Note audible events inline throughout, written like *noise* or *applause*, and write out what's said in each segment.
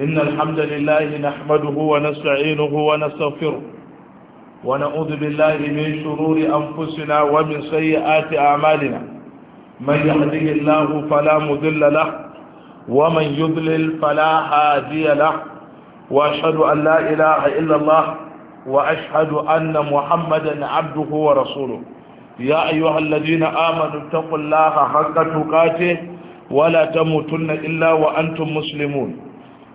إن الحمد لله نحمده ونستعينه ونستغفره ونعوذ بالله من شرور أنفسنا ومن سيئات أعمالنا من يهده الله فلا مذل له ومن يذلل فلا هادي له وأشهد أن لا إله إلا الله وأشهد أن محمدا عبده ورسوله يا أيها الذين آمنوا اتقوا الله حق تقاته ولا تموتن إلا وأنتم مسلمون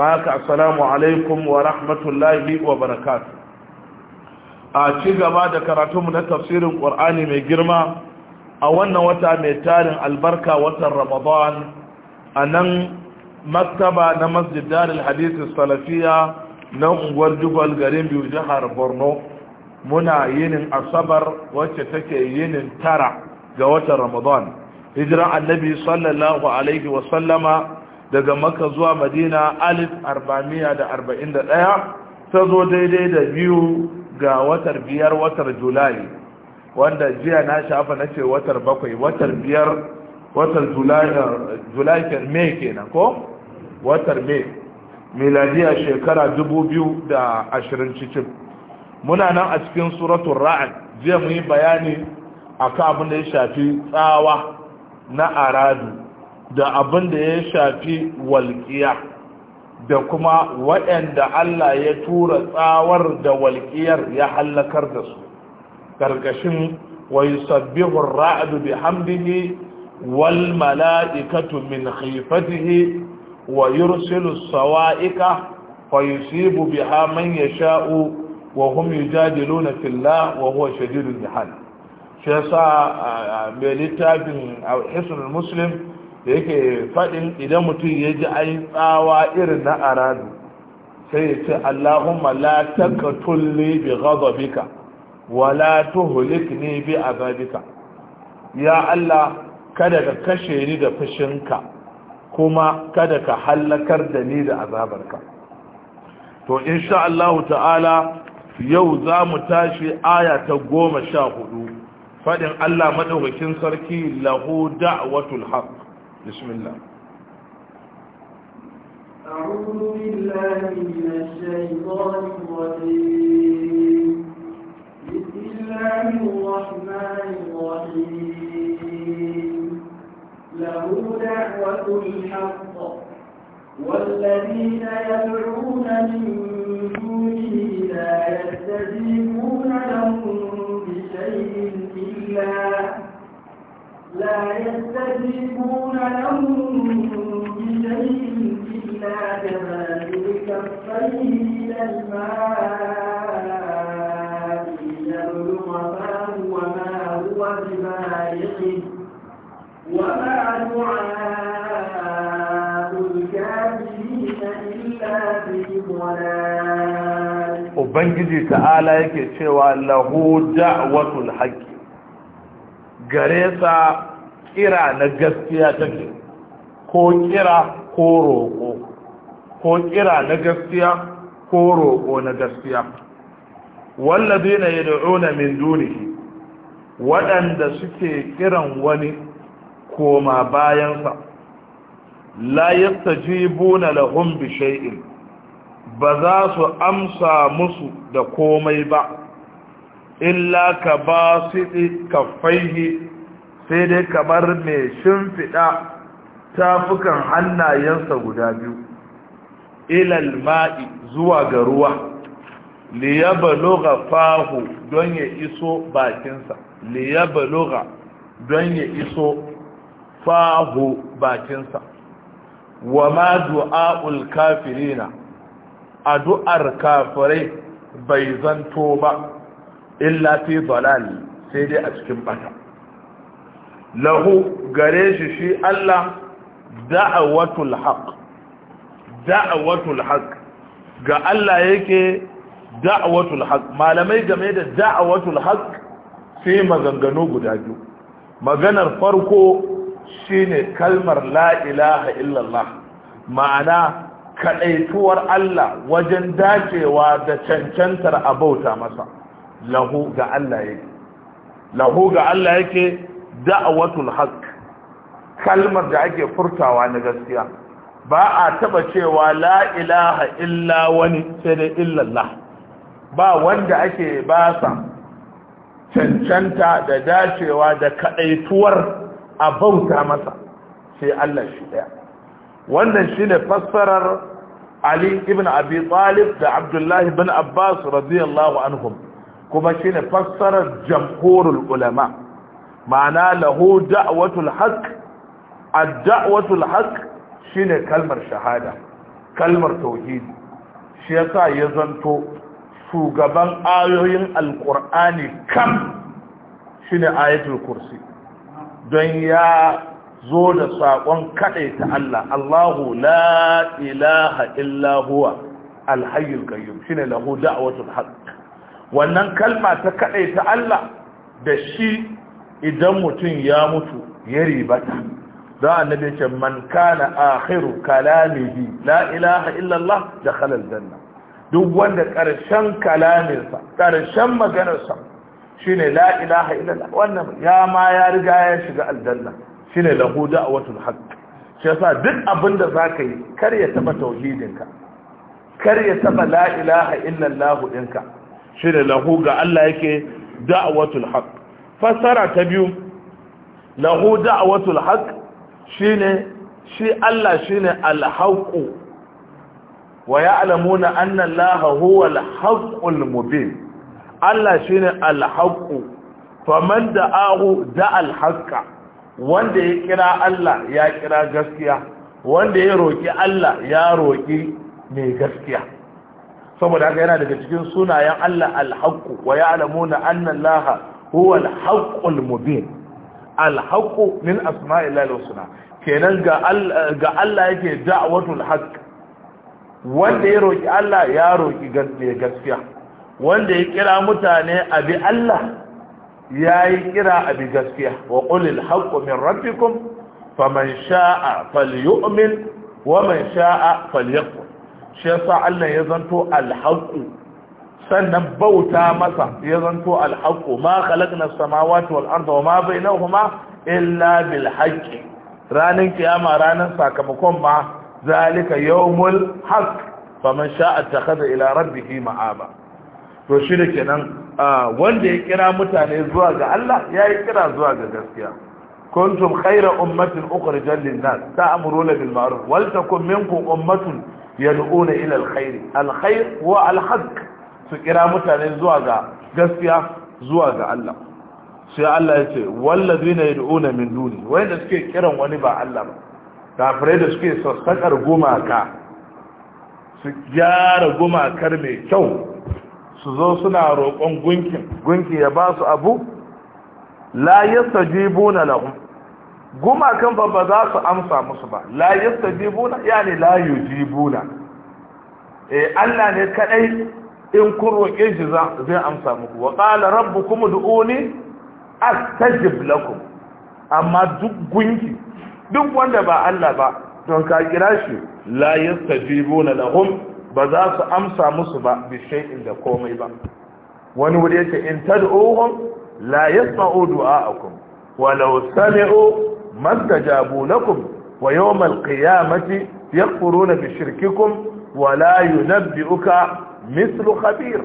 ba assalamu alaikum wa rahmatullahi wa barakatu a ci gaba da karatunmu na tafsirin ƙwar'ani mai girma a wannan wata mai tarin albarka watan ramadan a nan maktaba na masjid daril hadisi salafiya na unguwar jubal garin biyu jihar borno muna yinin asabar wacce take yinin tara ga watan ramadan hijira annabi sallallahu alaihi wasallama daga maka zuwa madina alif arba'amiya da arba'in da ɗaya ta zo daidai da biyu ga watar biyar watar julai wanda jiya na shafa na ce watar bakwai watar biyar watar julai mai kenan ko watar mai miladiya shekara dubu biyu da ashirin cikin muna nan a cikin suratun ra'ad jiya mu yi bayani a kan abin da ya shafi tsawa na aradu da abin da ya shafi walƙiya da kuma waɗanda Allah ya tura tsawar da walƙiyar ya hallakar da su ƙarƙashin wa yusabbihur ra'du bihamdihi wal mala'ikatu min khifatihi wa yursilu sawa'ika fa yusibu biha man yasha'u wa hum yujadiluna fillah wa huwa shadidul mihal shi yasa mai littafin hisnul muslim da yake faɗin idan mutum ya ji ai tsawa irin na aradu sai ya ce allahumma la tulli bi ghadabika wa la tuhlikni bi azabika ya allah kada ka kashe ni da fushinka kuma kada ka hallakar da ni da azabarka to insha Allah ta'ala yau za mu tashi aya ta goma sha hudu faɗin Allah maɗaukakin sarki lahu da'watul haqq بسم الله أعوذ بالله من الشيطان الرجيم بسم الله الرحمن الرحيم له دعوة الحق والذين يدعون من دونه لا يستجيبون لهم بشيء إلا لا يستجيبون لهم بشيء إلا كذلك كفيه إلى الماء يبلغ فاه وما هو ببالغه وما دعاء الكافرين إلا Ubangiji ta'ala yake cewa lahu da'watul haqqi gare sa kira na gaskiya take ko kira ko roƙo ko kira na gaskiya ko roƙo na gaskiya wallazina yad'una min dunihi waɗanda suke kiran wani koma bayansa la yastajibuna lahum bi shay'in ba za su amsa musu da komai ba illa ka ba su siɗi kafaihi sai dai kamar mai shimfiɗa tafukan hannayensa guda biyu ilal ma'i zuwa ga ruwa liyabaloga fahu don ya iso bakinsa liyabaloga don ya iso fahu bakinsa wa ma du'a'ul kafirina addu'ar kafirai bai zanto ba illa fi dalali sai dai a cikin bata lahu gare shi shi Allah da'awatul haqq da'awatul haqq ga Allah yake da'awatul haqq malamai game da da'awatul haqq sai maganganu guda biyu maganar farko shine kalmar la ilaha illallah ma'ana kadaituwar Allah wajen dacewa da cancantar abauta masa lahu ga Allah yake lahu ga Allah yake da'watul haqq kalmar da ake furtawa na gaskiya ba a taba cewa la ilaha illa wani sai illallah ba wanda ake basa cancanta da dacewa da kadaituwar a bauta masa sai Allah shi daya wannan shine fassarar Ali ibn Abi Talib da Abdullah ibn Abbas radiyallahu anhum kuma shine fassarar jamhurul ulama ma'ana lahu da'watul haqq ad-da'watul shine kalmar shahada kalmar tauhidi shi yasa ya zanto shugaban ayoyin alqur'ani kam shine ayatul kursi don ya zo da saƙon ta Allah Allahu la ilaha illa huwa alhayyul qayyum shine lahu da'watul haqq wannan kalma ta kaɗai ta Allah da shi idan mutum ya mutu ya ribata don annabi ce man kana akhiru kalamihi la ilaha illallah da halal danna. duk wanda ƙarshen kalaminsa ƙarshen maganarsa shine la ilaha illallah wannan ya ma ya riga ya shiga aljanna ne lahu da'watul haqq shi yasa duk abin da zaka yi kar ya taɓa tauhidinka kar ya taɓa la ilaha illallah ɗinka shi da lahu ga Allah yake da'watul haq fassara ta biyu lahu da'watul haq shine shi Allah shine al wa ya'lamuna anna Allah huwa al-haqqul mubin Allah shine al-haqu faman da'ahu da'al haqqa wanda ya kira Allah ya kira gaskiya wanda ya roki Allah ya roki mai gaskiya saboda haka yana daga cikin sunayen Allah alhaqqu wa ya'lamuna anna Allah huwa alhaqqul mubin alhaqqu min asma'illahi husna kenan ga ga Allah yake da'watul haqq wanda ya roki Allah ya roki gaskiya wanda ya kira mutane abi Allah yayi kira abi gaskiya wa qulil haqqu min rabbikum faman sha'a falyu'min wa man sha'a falyakfur shi yasa Allah ya zanto alhaqu sannan bauta masa ya zanto alhaqu ma khalaqna as-samawati wal arda wa ma bainahuma illa bil haqqi kiyama ranan sakamakon ma zalika yawmul haqq faman sha'a takhadha ila rabbihi ma'aba to shi da kenan wanda ya kira mutane zuwa ga Allah ya yi kira zuwa ga gaskiya kuntum khayra ummatin ukhrijat lin nas ta'muruna bil ma'ruf wal takum minkum ummatun yad'una ila alkhair alkhair wa alhaq su kira mutane zuwa ga gaskiya zuwa ga Allah sai Allah ya ce wallazina yad'una min duni wanda suke kiran wani ba Allah ba kafirai da suke sassakar gumaka su gyara gumakar mai kyau su zo suna roƙon gunkin gunki ya ba su abu la yasajibuna lahum gumakan ba ba za su amsa musu ba la yastajibuna yani la yujibuna eh Allah ne kadai in kun roke shi zai amsa muku wa qala rabbukum ud'uni astajib lakum amma duk gunki duk wanda ba Allah ba don ka kira shi la yastajibuna lahum ba za su amsa musu ba bi shay'in da komai ba wani wuri yake in tad'uhum la yasma'u du'a'akum walau sami'u mastajabu lakum wa yawmal qiyamati yakfuruna bi shirkikum wa la yunabbi'uka mislu khabir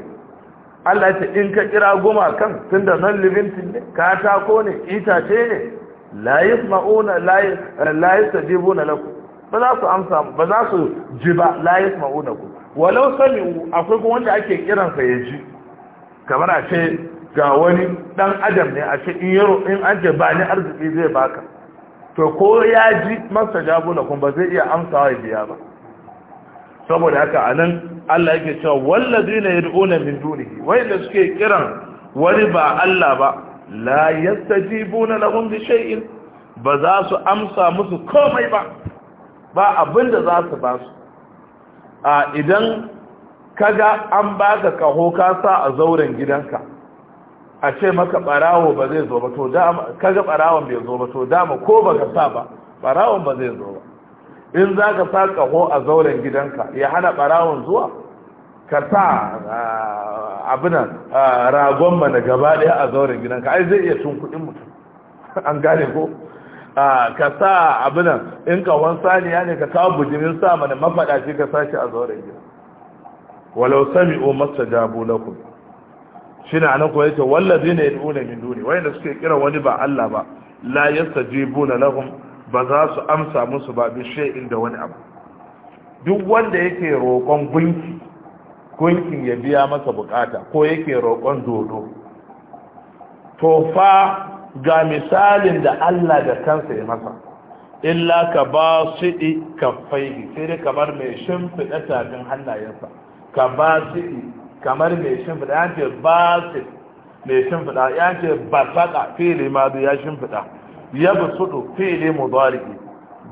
Allah ce in ka kira goma kan da nan living ne katako ne itace ne ma'una yasma'una la la na lakum ba za su amsa ba za su ji ba la yasma'una ku walau sami'u akwai kuma wanda ake kiransa ya ji kamar a ce ga wani dan adam ne a cikin in yaro in an ce ba ni arziki zai baka to ko ya ji masa jabu na kuma zai iya amsa ya biya ba saboda haka anan Allah yake cewa wallazina yad'una min dunihi da suke kiran wani ba Allah ba la yastajibuna lahum bi shay'in ba za su amsa musu komai ba ba abinda za su ba su a idan kaga an baka kaho ka sa a zauren gidanka a ce maka barawo ba zai zo ba to dama kaga barawon bai zo ba to dama ko baka sa ba barawon ba zai zo ba in za ka sa kaho a zauren gidanka ya hana barawon zuwa ka sa abinan ragon mana gaba daya a zauren gidanka ai zai iya cin kudin mutum *laughs* an gane ko ka sa abinan in kawon saniya ne ka kawo bujirin sa mana mafaɗa ce ka shi a zauren gidanka walau sami'u masu jabu lakum shi ne anan kuwa yake wallazi ne yad'una min duni wayanda suke kira wani ba Allah ba la na lahum ba za su amsa musu ba bi shi da wani abu duk wanda yake roƙon gunki gunkin ya biya masa bukata ko yake roƙon dodo to fa ga misalin da Allah da kansa ya masa illa ka ba su kafai sai dai kamar mai shimfiɗa tafin hannayensa ka ba su kamar mai shimfiɗa ya ce basit mai shimfiɗa ya ce basaka fili madu ya shimfiɗa ya suɗu fili mubariki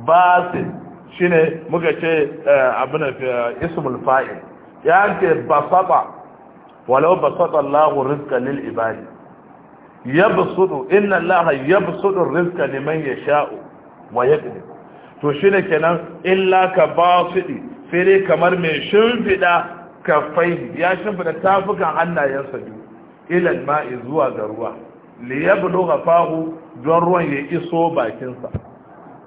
basit shi ne muka ce eh, abin eh, ismul fa'il ya ce basaka walau basaka allahu rizka lil ibadi ya suɗu inna allaha ya busudu rizka neman ya sha'u wa ya to shi ne kenan illa ka basidi sai dai kamar mai shimfiɗa kafai ya shimfida tafukan hannayensa biyu ilan ma'i zuwa ga ruwa li yablugha fahu don ruwan ya iso bakinsa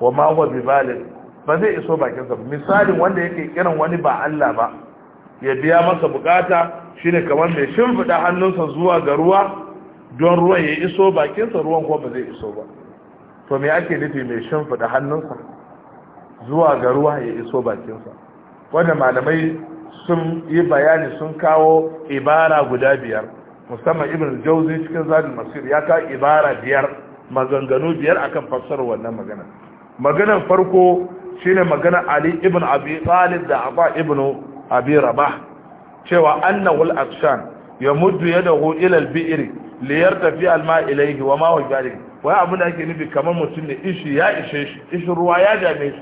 wa ma huwa bibalin ba zai iso bakinsa ba misalin wanda yake kiran wani ba Allah ba ya biya masa bukata shine kamar mai shimfida hannunsa zuwa ga ruwa don ruwan ya iso bakinsa ruwan kuma ba zai iso ba to me ake nufi mai shimfida hannunsa zuwa ga ruwa ya iso bakinsa wanda malamai sun yi bayani sun kawo ibara guda biyar musamman ibn jauzi cikin zadin masir ya kawo ibara biyar maganganu biyar akan fassara wannan magana Maganan farko shine maganar ali ibn abi talib da aba ibn abi rabah cewa annahu al-akshan yamuddu yadahu ila al-bi'r li yartafi al-ma ilayhi wa ma huwa wa abun da ake nufi kamar mutum ne ishi ya ishe shi ishi ruwa ya dame shi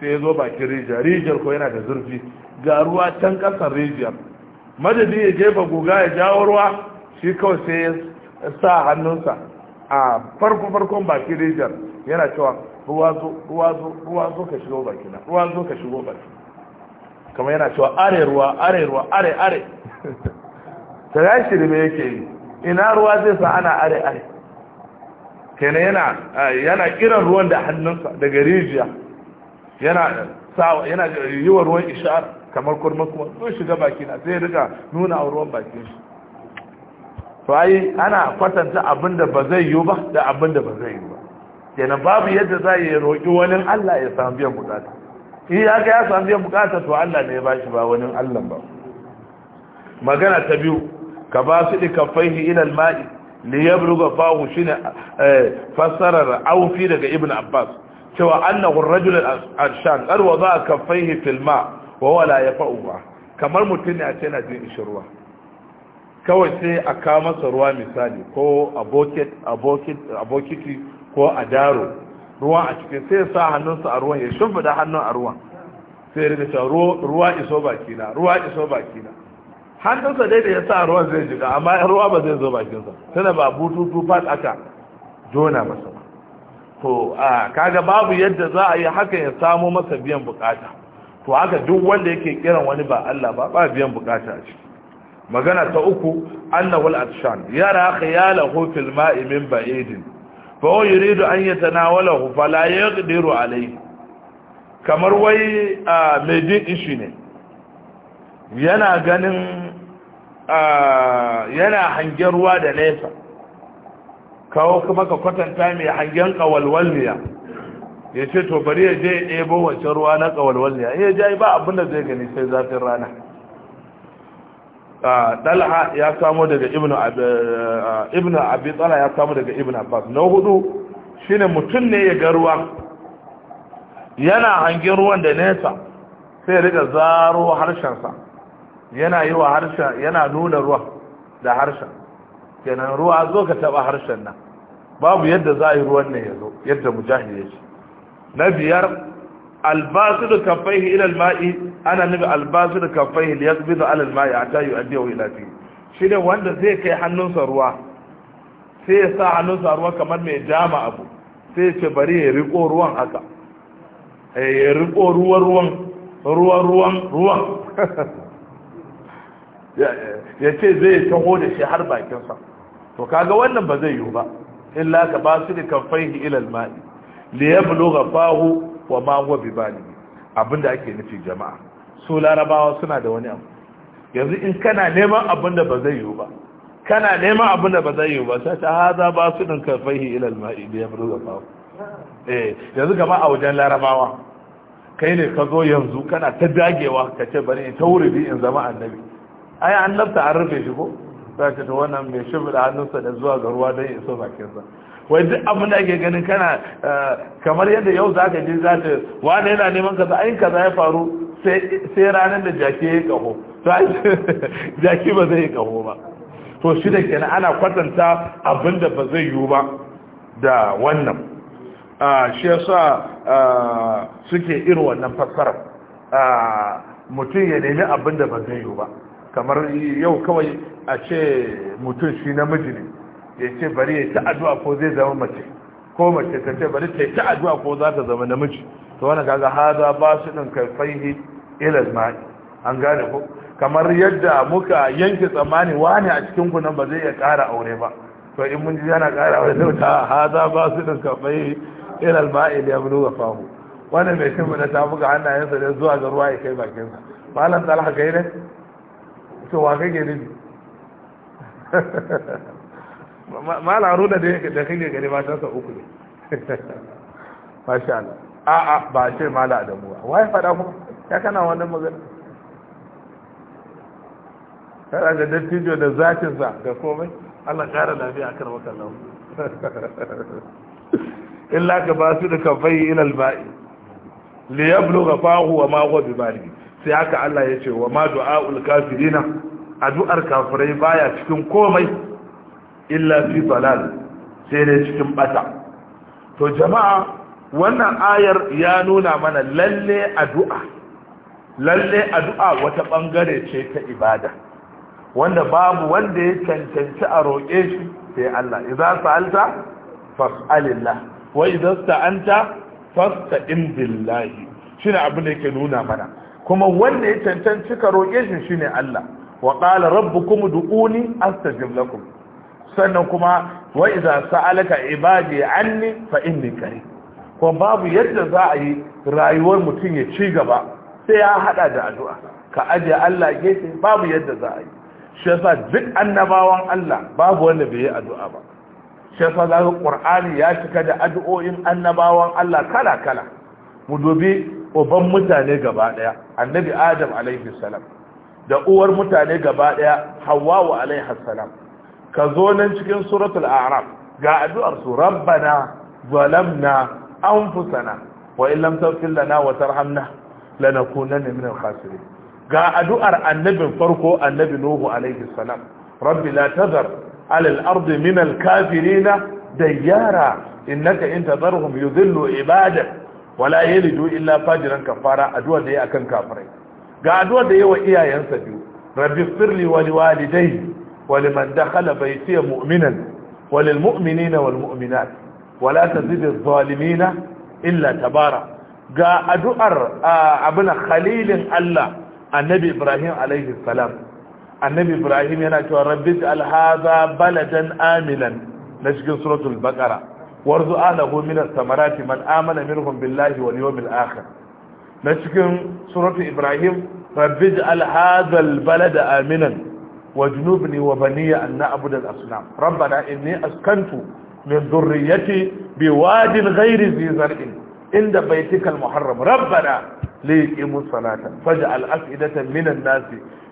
sai ya zo bakin rijiya rijiyar ko yana da zurfi ga ruwa can kasar rijiyar madadi ya jefa guga ya jawo ruwa shi kawai sai ya sa hannunsa a farko farkon bakin rijiyar yana cewa ruwa zo ruwa zo ruwa zo ka shigo bakina ruwa zo ka shigo bakina kamar yana cewa are ruwa are ruwa are are *laughs* ta ya shirme yake yi ina ruwa zai sa ana are are kenan yana yana kiran ruwan da hannunsa daga rijiya yana sawa yana yi wa ruwan ishar kamar kurma kuma sun shiga baki na sai rika nuna a ruwan bakin shi to ai ana kwatanta abin da ba zai yi ba da abin da ba zai yi ba kenan babu yadda za ya roƙi wani Allah ya samu biyan bukata shi ya ga ya samu biyan bukata to Allah ne ya bashi ba wani Allah ba magana ta biyu ka ba su dikaffaihi ila al-ma'i li yabluga fahu shine eh, fassarar aufi daga ibn abbas cewa annahu rajul al-arshan qad wada'a a fil ma wa huwa la yafa'u ba kamar mutum ne a ce yana jin ruwa kawai sai a kawo masa ruwa misali ko a bokiti ko a daro ruwa a cikin sai sa hannunsa a ruwan ya da hannun a ruwan sai rika cewa ruwa iso bakina ruwa iso bakina hannunsa dai da ya sa ruwan zai jiga amma ruwa ba zai zo bakinsa tana ba bututu fat aka jona masa to kaga babu yadda za a yi haka ya samo masa biyan bukata to haka duk wanda yake kiran wani ba Allah ba ba biyan bukata a magana ta uku annahu al-atshan yara khayalahu fil ma'i min ba'idin fa huwa yuridu an yatanawalahu fala yaqdiru alayhi kamar wai mai jin ishi ne yana ganin yana hangen ruwa da nesa kawo kuma ka kwatanta mai hangen kawalwalniya ya ce to bari ya je ebo wancan ruwa na kawalwalniya ya je ba abin da zai gani sai zafin rana dalha ah, ya samo daga ibn ah, abi tsala ya samo daga ibn abbas na hudu shine mutum ne ya ga ruwa yana hangen ruwan da nesa sai ya riga zaro harshensa yana yi wa harshen yana nuna ruwa da harshen kenan ruwa zo ka taba harshen nan babu yadda za a yi ruwan nan ya zo yadda mujahid ya ce na biyar albasiru kafaihi ila alma'i ana nufi albasiru kafaihi da alal ma'i a tayu a ila fi shi ne wanda zai kai hannunsa ruwa sai ya sa hannunsa ruwa kamar mai dama abu sai ya ce bari ya riko ruwan haka eh, ya riko ruwan ruwan ruwan ruwan ruwan *laughs* ya ce zai taho da shi har bakinsa to kaga wannan ba zai yiwu ba illa ka ba su da kafaihi ila ma'i li yablugha fahu wa ma huwa bali abinda ake nufi jama'a su larabawa suna da wani abu yanzu in kana neman abinda ba zai yiwu ba kana neman abinda ba zai yiwu ba sai ta hada ba su da kafaihi ila ma'i li yablugha fahu eh yanzu kama a wajen larabawa kai ne ka zo yanzu kana ta dagewa ka ce bari ta wuri in zama annabi ai annabta an rufe shi ko za ka ta wannan mai shimfiɗa hannunsa da zuwa ga ruwa don iso bakinsa wai duk abin da ake ganin kana eh, kamar yadda yau za ka ji za ta wani yana neman kaza ayin kaza ya faru sai ranar da jaki ya yi kaho *laughs* jaki ba zai yi kaho ba to shi da kenan ana kwatanta abin da ba zai yiwu ba da wannan ah, shi ya sa ah, suke irin wannan fassarar ah, mutum ya nemi abin da ba zai yiwu ba kamar yau kawai a ce mutum shi namiji ne ya ce bari ya ta addu'a ko zai zama mace ko mace ta ce bari ta ta addu'a ko za ta zama namiji to wannan kaga hada ba su din kai faihi ila mai an gane ko kamar yadda muka yanke tsammani wani a cikin ku nan ba zai iya ƙara aure ba to in mun ji yana ƙara aure sai ta ah, hada ba su din kai faihi ila mai ya bulu fahu wannan mai kuma ta buga hannayensa ne zuwa ga ruwa ya kai bakinsa malam talha kai to wa ne ma mala ruda da kake gani sa uku ne masha Allah a'a ba ce mala adamu ba wai faɗa ku ya kana wannan magana kada da dattijo da sa da komai Allah ƙara lafiya a karɓar lawo illa ka basu da kafai ilal ba'i liyablu ga fahu wa mago bi bari sai haka Allah ya ce wa ma du'a'ul kafirina addu'ar kafirai baya cikin komai illa fi dalal sai dai cikin bata to jama'a wannan ayar ya nuna mana lalle addu'a lalle addu'a wata bangare ce ta ibada wanda babu wanda ya cancanci a roƙe shi sai Allah idza sa'alta fas'alillah wa idza sta'anta fasta'in billahi shine abin da yake nuna mana kuma wanda ya cancanci ka roƙe shi shine Allah wa qala kuma du'uni astajib lakum sannan kuma za su alaka ibadi anni fa inni kare. ko babu yadda za a yi rayuwar mutum ya ci gaba sai ya hada da addu'a ka ajiye Allah gefe babu yadda za a yi shi yasa duk annabawan Allah babu wanda bai yi addu'a ba shi yasa za Qur'ani ya cika da addu'o'in annabawan Allah kala kala mu dubi uban mutane gaba daya annabi adam alaihi salam da uwar mutane gaba daya hawwa alaihi salam ka zo nan cikin suratul a'raf ga addu'ar su rabbana zalamna anfusana wa in lam taghfir lana wa tarhamna lanakunanna minal khasirin ga addu'ar annabin farko annabi nuhu alaihi salam rabbi la tazar ala al-ardi min al-kafirin dayyara innaka in tadarhum yudhillu ibadak wala yalidu illa fajiran kafara addu'a da yayi akan kafirai ga addu'a da yawa wa iyayensa biyu rabbi firli wa liwalidayhi wa liman dakhala baytiya mu'minan wa lil mu'minina wal mu'minat wala tazid adh-dhalimina illa tabara ga addu'ar abuna khalilin Allah annabi Ibrahim alaihi salam annabi Ibrahim yana cewa rabbi al hadha baladan amilan na cikin suratul baqara warzu alahu min samarati man amana minhum billahi wal yawmil akhir na cikin surati ibrahim rabbij al hadha al balada aminan wajnubni wa baniya an na'budu al asnam rabbana inni askantu min dhurriyyati biwadin ghairi dhi zar'in inda baytikal muharram rabbana liqimu salata faj'al af'idatan min an nas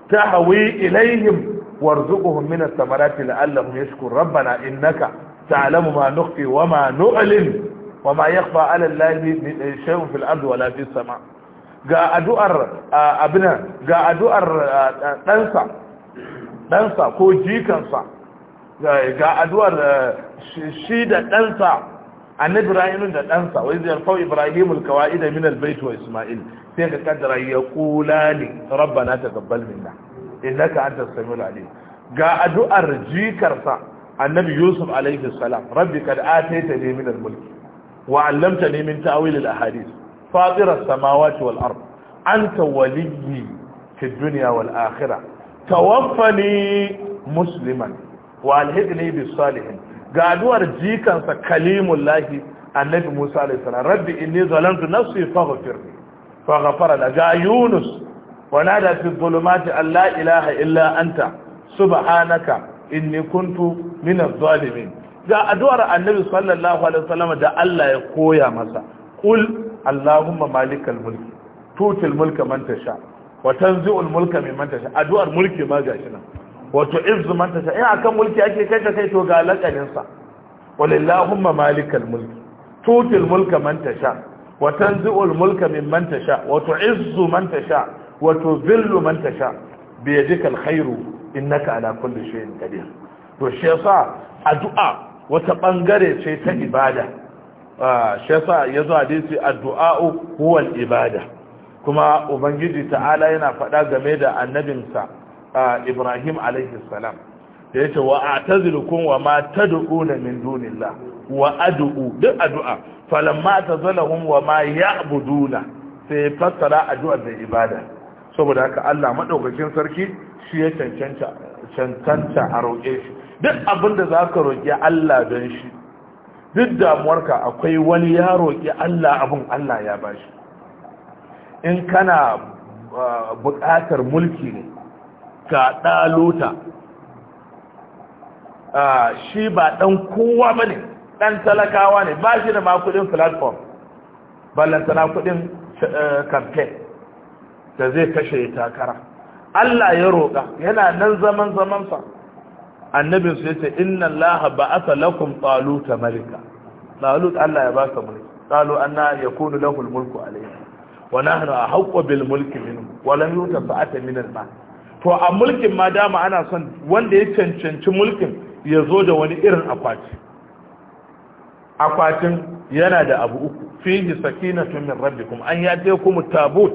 tahwi ilayhim warzuqhum min al-samarati la'allahum yashkurun rabbana innaka ta'lamu ma nukhfi wa ma nu'lin wa ma yakhfa 'ala allahi ga addu'ar abinan ga addu'ar ɗansa ɗansa ko jikansa ga addu'ar shi da ɗansa annabi da ɗansa wai zai alfau ibrahim alkawai da min albaitu wa isma'il sai ka kaddara ya kula ne ta gabbal minna innaka anta samiul alim ga addu'ar jikarsa annabi yusuf alaihi salam rabbi kad ataita ni min al wa 'allamtani min ta'wil al fatira as-samawati wal ard anta waliyyi fi dunya wal akhirah tawaffani musliman wa alhiqni bis salihin ga addu'ar jikansa kalimullahi annabi musa alaihi salam rabbi inni zalamtu nafsi faghfirli faghfara la ga yunus ونادى في الظلمات أن لا إله إلا أنت سبحانك inni kuntu min az-zalimin ga addu'ar annabi sallallahu alaihi wasallam da Allah ya koya masa qul allahumma malikal mulki tutil mulka man tasha wa tanzi'ul mulka mimman tasha addu'ar mulki ma gashi nan wa tu'izzu man tasha eh akan mulki ake kai ta kai to ga lakanin sa walillahumma malikal mulki tutil mulka man tasha wa tanzi'ul mulka mimman tasha wa tu'izzu man tasha wa tuzillu man tasha biyadikal alkhairu. innaka ala kulli shay'in qadir to shi yasa addu'a wata bangare ce ta ibada ah, shi yasa yazo hadisi addu'a huwa ibada kuma ubangiji ta'ala yana faɗa game da annabinsa ah, Ibrahim alaihi salam da yace wa a'tazilukum wa ma tad'una min dunillah wa ad'u duk addu'a falamma tazalahum wa ma ya'buduna sai fassara addu'a da ibada saboda haka Allah madaukakin sarki shi ya cancanta a roƙe shi duk abin da za ka roƙi Allah don shi duk damuwarka akwai wani ya roƙi Allah abin Allah ya ba shi in kana uh, buƙatar mulki ne ka ɗalota uh, shi ba ɗan kowa ba ne ɗan talakawa ne ba shi da ma kuɗin platform ballantana kuɗin uh, campaign da zai kashe takara Allah ya roƙa yana nan zaman zamansa annabin su yace inna Allah ba'atha lakum taluta malika talut Allah ya baka mulki qalu anna yakunu lahu mulku alayhi wa nahnu ahqqu bil mulki minhu wa lam yuta sa'atan min al mal to a mulkin ma dama ana son wanda ya cancanci mulkin ya zo da wani irin akwati akwatin yana da abu uku fihi sakinatun min rabbikum an yate kuma tabut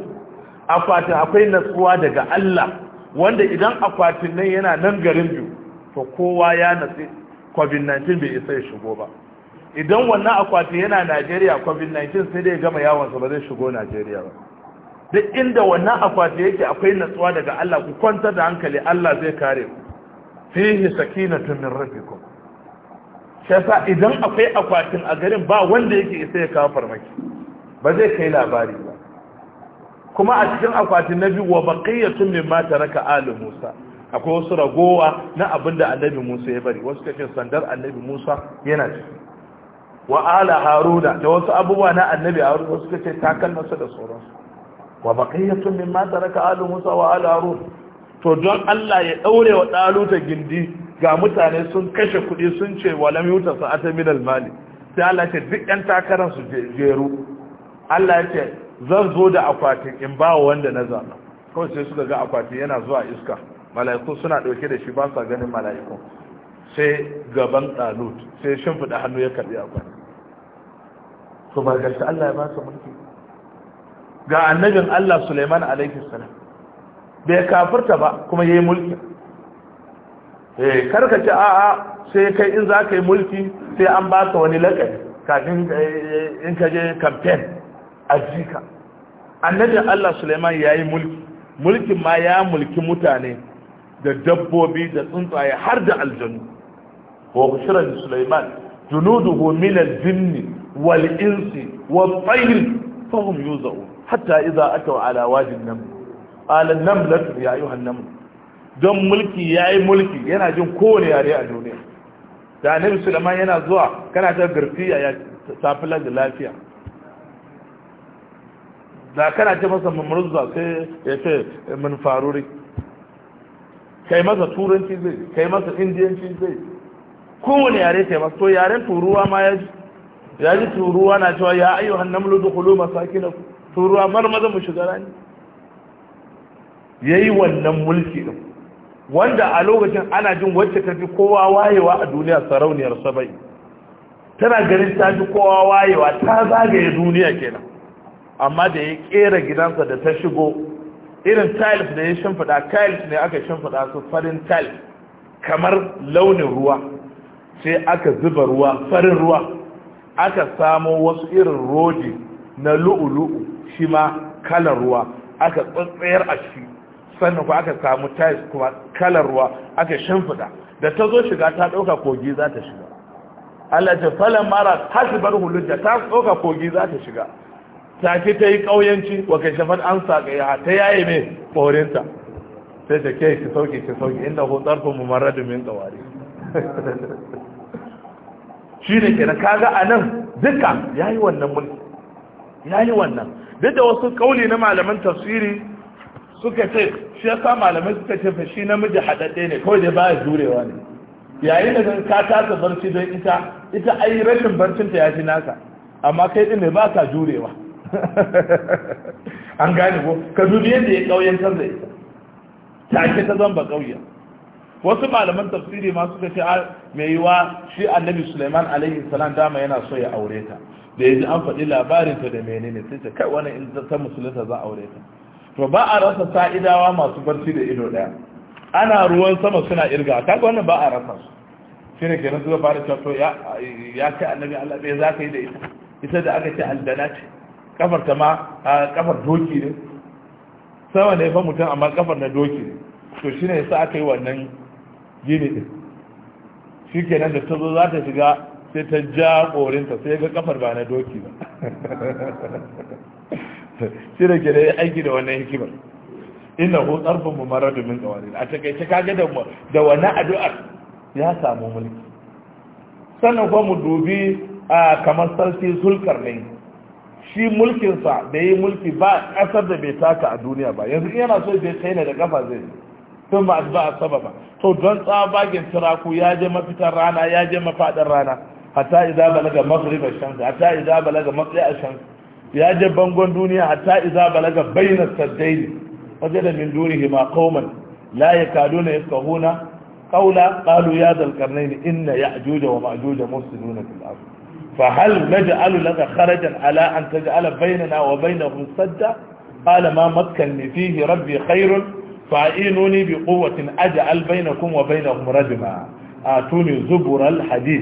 akwatin akwai natsuwa daga Allah wanda idan akwatin nan yana nan garin biyu to kowa ya natsi covid-19 bai isa ya shigo ba idan wannan akwatin yana Najeriya covid-19 sai dai gama yawonsa ba zai shigo Najeriya ba duk inda wannan akwati yake akwai natsuwa daga Allah ku kwanta da hankali Allah zai kare ku fihi sakinatun min rabbikum shi idan akwai akwatin a garin ba wanda yake isa ya kawo farmaki ba zai kai labari ba kuma a cikin akwatin nabi wa baqiyatun mimma taraka alu musa akwai wasu ragowa na abinda annabi musa ya bari wasu kace sandar annabi musa yana ci wa ala haruna da wasu abubuwa na annabi haruna wasu kace takalmansa da su wa baqiyatun mimma taraka alu musa wa ala harun to don Allah ya daure wa daluta gindi ga mutane sun kashe kuɗi sun ce walam yuta sa'ata min al mali sai Allah ya ce duk yan takaran su jeru Allah ya ce zan zo da akwatin in ba wanda na zaɓa kawai sai suka ga akwatin yana zuwa iska mala'iku suna ɗauke da shi ba sa ganin mala'iku sai gaban ɗalut sai shimfiɗa hannu ya karɓi akwatin to ba ga shi Allah ya ba su mulki ga annabin Allah Sulaiman alaihi salam bai kafirta ba kuma yayi mulki eh karka ce a'a sai kai in za ka yi mulki sai an ba ka wani lakabi kafin eh, in ka je campaign a jika annabin Allah Suleiman ya yi mulki mulkin ma ya mulki mutane da dabbobi da tsuntsaye har da aljanu wa kushirar Suleiman junuduhu min al-jinni wal insi wal tayr fahum yuzaun hatta idza ataw ala wajin nam ala namlat ya ayuha nam don mulki ya yi mulki yana jin kowane yare a duniya da annabi Suleiman yana zuwa kana ta garfiya ya tafi lafiya da kana ce masa mamurza sai ya ce mun faruri kai masa turanci zai kai masa indiyanci zai kowane yare kai masa to yaren turuwa ma ya ji ya ji turuwa na cewa ya ayyuhan namlu dukhulu masakinakum turuwa maza mu shiga rani yayi wannan mulki din wanda a lokacin ana jin wacce ta fi kowa wayewa a duniya sarauniyar saba'i tana ganin ta fi kowa wayewa ta zagaye duniya kenan amma da ya kera gidansa da ta shigo irin tiles da ya shimfiɗa tiles ne aka shimfiɗa su farin tiles kamar launin ruwa sai aka zuba ruwa farin ruwa aka samo wasu irin rodi na lu'ulu'u shi ma kalar ruwa aka tsayar a shi sannan kuma aka samu tiles kuma kalar ruwa aka shimfiɗa da ta zo shiga ta ɗauka kogi za ta shiga Allah ta falan mara hasibar hulunta ta ɗauka kogi za ta shiga tafi ta yi ƙauyanci wa kai shafar an saƙa ya ta yaye mai ƙorinta sai ta ke ki sauke ki sauke inda ko tsarfin mu mara min tsawari shi ne ke na kaga a nan duka ya yi wannan mulki ya yi wannan duk da wasu ƙauli na malaman tafsiri suka ce shi ya sa malamai suka ce fa shi namiji haɗaɗɗe ne kawai dai ya jurewa ne yayin da ka tasa barci don ita ita ai rashin barcinta ya fi naka amma kai ɗin ne ba ka jurewa an gane ko ka dubi yadda ya kauyantar da ita ake ta zamba kauyen wasu malaman tafsiri ma suka ce ah, mai yiwa shi annabi suleiman alaihi salam dama yana so ya aure ta da ya ji an faɗi labarin ta da menene sai ta kai wani in ta musulunta za aure ta to ba a rasa sa'idawa masu barci da ido ɗaya ana ruwan sama suna irga ga wannan ba a rasa su shi ne kenan suka fara cewa ya kai annabi allah ɗaya za ka yi da ita ita da aka ce aldana ce kafar ta ma a kafar doki ne sama ne fa mutum amma kafar na doki ne to shi ne sa aka yi wannan gini ɗin shi kenan da ta zo za ta shiga sai ta ja korinta sai ga kafar ba na doki ba *laughs* shi da ke da aiki da wannan hikimar ina ko tsarfin mu marar domin tsawari a takaice kage da da wannan addu'ar ya samu mulki sannan kuma mu dubi kamar sarki sulkar ne shi mulkinsa da yi mulki ba ƙasar da bai taka a duniya ba yanzu yana so je china da ƙafa zai sun ba ba sababa to don tsabagen turaku ya je mafitar rana ya je mafaɗin rana hatta idan balaga maghrib ash-shams hatta idan balaga matsi ash-shams ya je bangon duniya hatta idan balaga bayna saddaini wajada min dunihi ma qauman la yakaduna yafqahuna qawla qalu ya dhal qarnayn inna ya'juj wa ma'juj mufsiduna fil ardh فهل نجعل لك خرجا على أن تجعل بيننا وبينهم سدا قال ما مكنني فيه ربي خير فأعينوني بقوة أجعل بينكم وبينهم رجما آتوني زبر الحديث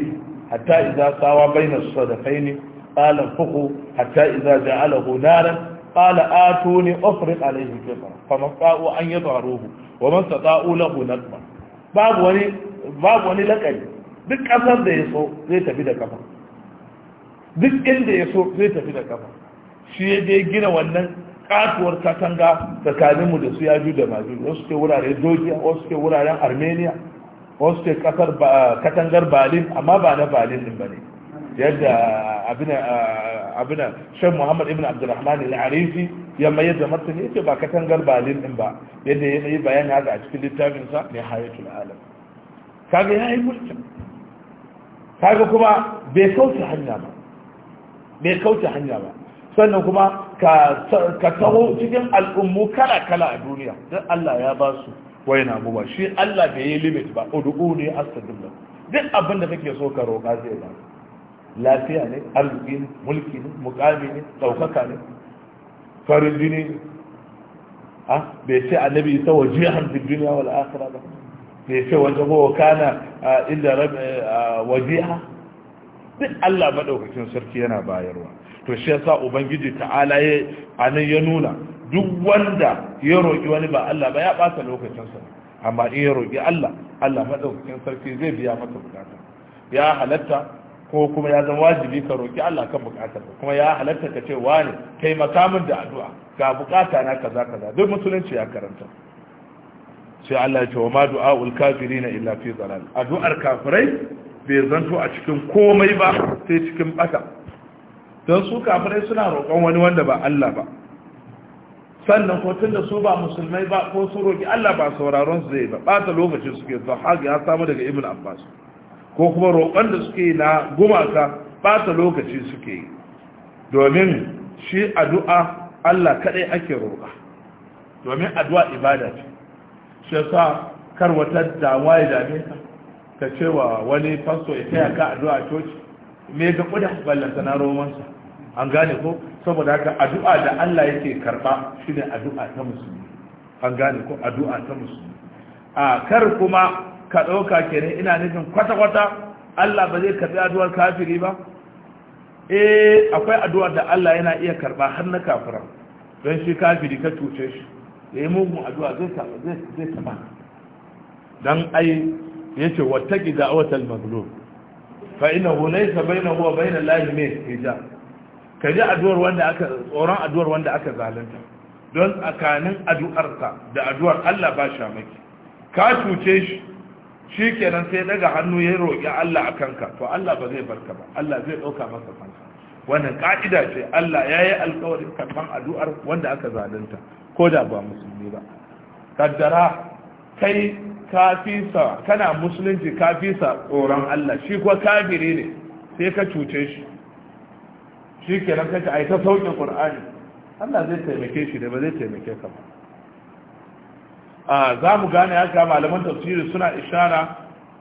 حتى إذا ساوى بين الصدفين قال انفقوا حتى إذا جعله نارا قال آتوني أفرق عليه كفرا فمن طاؤوا أن يظهروه ومن تطاؤوا له نقما باب وني باب وني لكي duk kasar da ya so zai duk inda ya so zai tafi da kafa shi ya je gina wannan katuwar katanga tsakaninmu da su yaju da maju wasu ke wuraren georgia wasu ke wuraren armenia wasu ke kasar katangar balin amma ba na balin din ba ne yadda ah, abinan ah, shan muhammad ibn abdulrahman al-arifi ya mayar da ya yace ba katangar balin din ba yadda ya yi bayani haka a cikin littafinsa ne hayatul alam kaga ya yi mulkin kaga kuma bai kauce hanya ba bai kauce hanya ba sannan kuma ka taho cikin al'ummu kala kala a duniya don Allah ya ba su wayna abubuwa shi Allah bai yi limit ba udu'u ne astagfirullah duk abin da kake so ka roƙa zai ba lafiya ne arziki ne mulki ne mukami ne ɗaukaka ne farin jini ne a bai ce annabi isa wa jihan fi duniya wal akhirah ba bai ce wajen ko kana inda wajiha duk Allah madaukakin sarki yana bayarwa to shi yasa ubangiji ta'ala ya anan ya nuna duk wanda ya roki wani ba Allah ba ya bata lokacin sa amma in ya roki Allah Allah madaukakin sarki zai biya masa bukata ya halatta ko kuma ya zama wajibi ka roki Allah kan bukatar kuma ya halatta ka ce wani kai makamin da addu'a ga bukata na kaza kaza duk musulunci ya karanta sai Allah ya ce wa ma du'a ul kafirina illa fi dhalal addu'ar kafirai bai zanto a cikin komai ba sai cikin ɓata don su kafirai suna roƙon wani wanda ba Allah ba sannan ko tun da su ba musulmai ba ko su roƙi Allah ba sauraron su zai ba ɓata lokacin suke zahag ya samu daga ibn abbas ko kuma roƙon da suke na gumaka ɓata lokaci suke yi domin shi addu'a Allah kaɗai ake roƙa domin addu'a ibada ce shi yasa kar wata damuwa ya dame ka ka ce wa wani fasto ya taya ka addu'a a coci me ga kuda ballanta na romansa an gane ko saboda haka addu'a da Allah yake karba shine addu'a ta musulmi an gane ko addu'a ta musulmi a kar kuma ka dauka kenan ina nufin kwata-kwata Allah ba zai karɓi addu'ar kafiri ba eh akwai addu'a da Allah yana iya karɓa har na kafira don shi kafiri ka tuce shi ya mugun addu'a zai taɓa zai taɓa Dan ai yace wata da'watal mazlum fa innahu laysa bainahu wa bainal lahi min hijab kaji addu'ar wanda aka tsoron addu'ar wanda aka zalunta don tsakanin addu'arsa da addu'ar Allah ba sha miki. ka cuce shi kenan sai daga hannu ya roƙi Allah a kanka to Allah ba zai barka ba Allah zai ɗauka masa fansa wannan ƙa'ida ce Allah ya yi alƙawarin karban addu'ar wanda aka zalunta ko da ba musulmi ba kaddara kai kafisa kana musulunci kafisa tsoron Allah shi kuwa kafiri ne sai ka cuce shi shi ke nan kace aita ta sauke Allah zai taimake shi da ba zai taimake ka ba a za mu gane haka malaman tafsiri suna ishara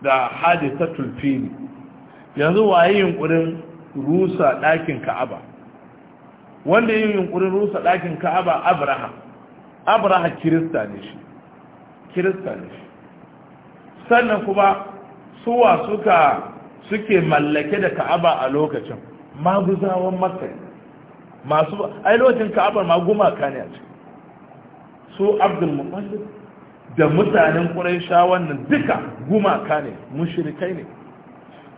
da hadisatul tulfini yanzu waye yunkurin rusa ɗakin Ka'aba wanda yin yunkurin rusa ɗakin Ka'aba abraham abraham kirista ne shi kirista ne shi sannan kuma suwa suka suke mallake da ka'aba a lokacin maguzawan makka masu ai lokacin ka'abar ma gumaka ne a ce su abdul muttalib da mutanen quraisha wannan duka gumaka ne mushrikai ne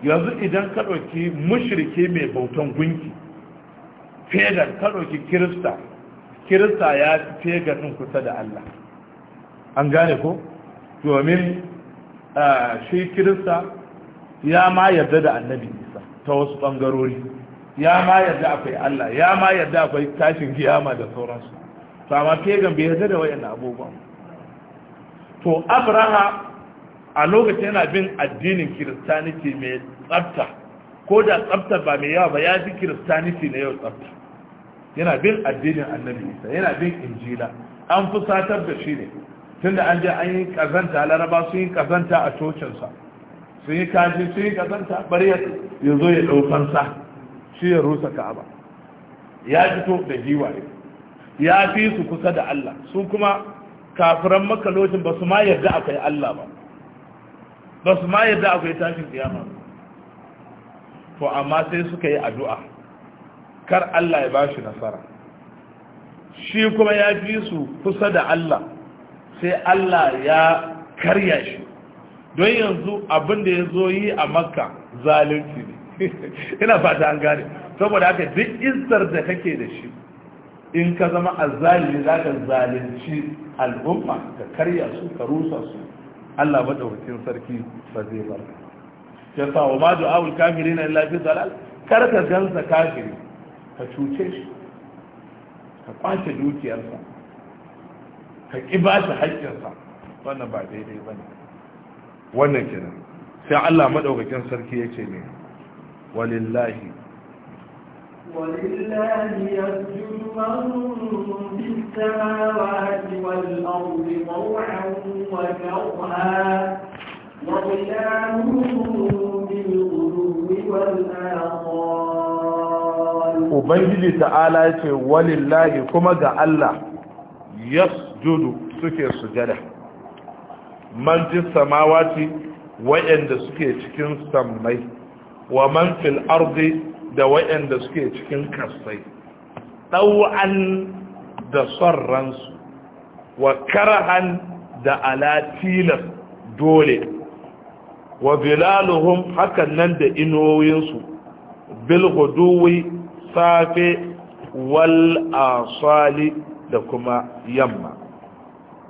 yanzu idan ka ɗauki mushrike mai bautan gunki fegan ka dauki kirista kirista ya fi fegan ɗin kusa da Allah an gane ko domin shi kirista ya ma yarda da annabi isa ta wasu ɓangarori ya ma yarda akwai allah ya ma yarda akwai tashin kiyama da sauransu to amma pagan bai yarda da wayannan abubuwan to abraha a lokacin yana bin addinin kiristaniti mai tsafta ko da tsafta ba mai yawa ba ya fi kiristaniti na yau tsafta yana bin addinin annabi isa yana bin injila an fusatar da shi ne tunda an je an yi kazanta laraba sun yi kazanta a cocinsa sun yi kaji sun yi kazanta bari ya zo ya ɗaukansa shi ya rusa ka'aba ya fito da giwaye ya fi su kusa da Allah su kuma kafiran makalocin ba su ma yarda akwai Allah ba ba su ma yarda akwai tashin kiyama to amma sai suka yi addu'a kar Allah ya ba shi nasara shi kuma ya fi su kusa da Allah sai Allah ya karya shi don yanzu abin da ya zo yi a makka zalunci ne *laughs* ina fata an gane saboda haka duk istar da kake da shi in ka zama a zalimi za ka zalunci al'umma ka karya su ka rusa su Allah madaukakin sarki ba zai bar ya sa wa ma awul kafiri illa fi dalal kar ka gansa kafiri ka cuce shi ka kwace dukiyarsa ka ƙi ba shi haƙƙinsa wannan ba daidai ba ne wannan kenan sai Allah maɗaukakin sarki ya ce ne walillahi ولله يسجد من في السماوات والأرض طوعا وكرها Ubangiji ta'ala ce walillahi kuma ga Allah yas sujudu suke sujada man fi samawati wa'anda suke cikin sammai wa man fil ardi da wa'anda suke cikin kasai ɗau'an da sarransu wa karahan da alatilar dole wa bilaluhum hakan nan da bil bilhuduwi safe wal asali da kuma yamma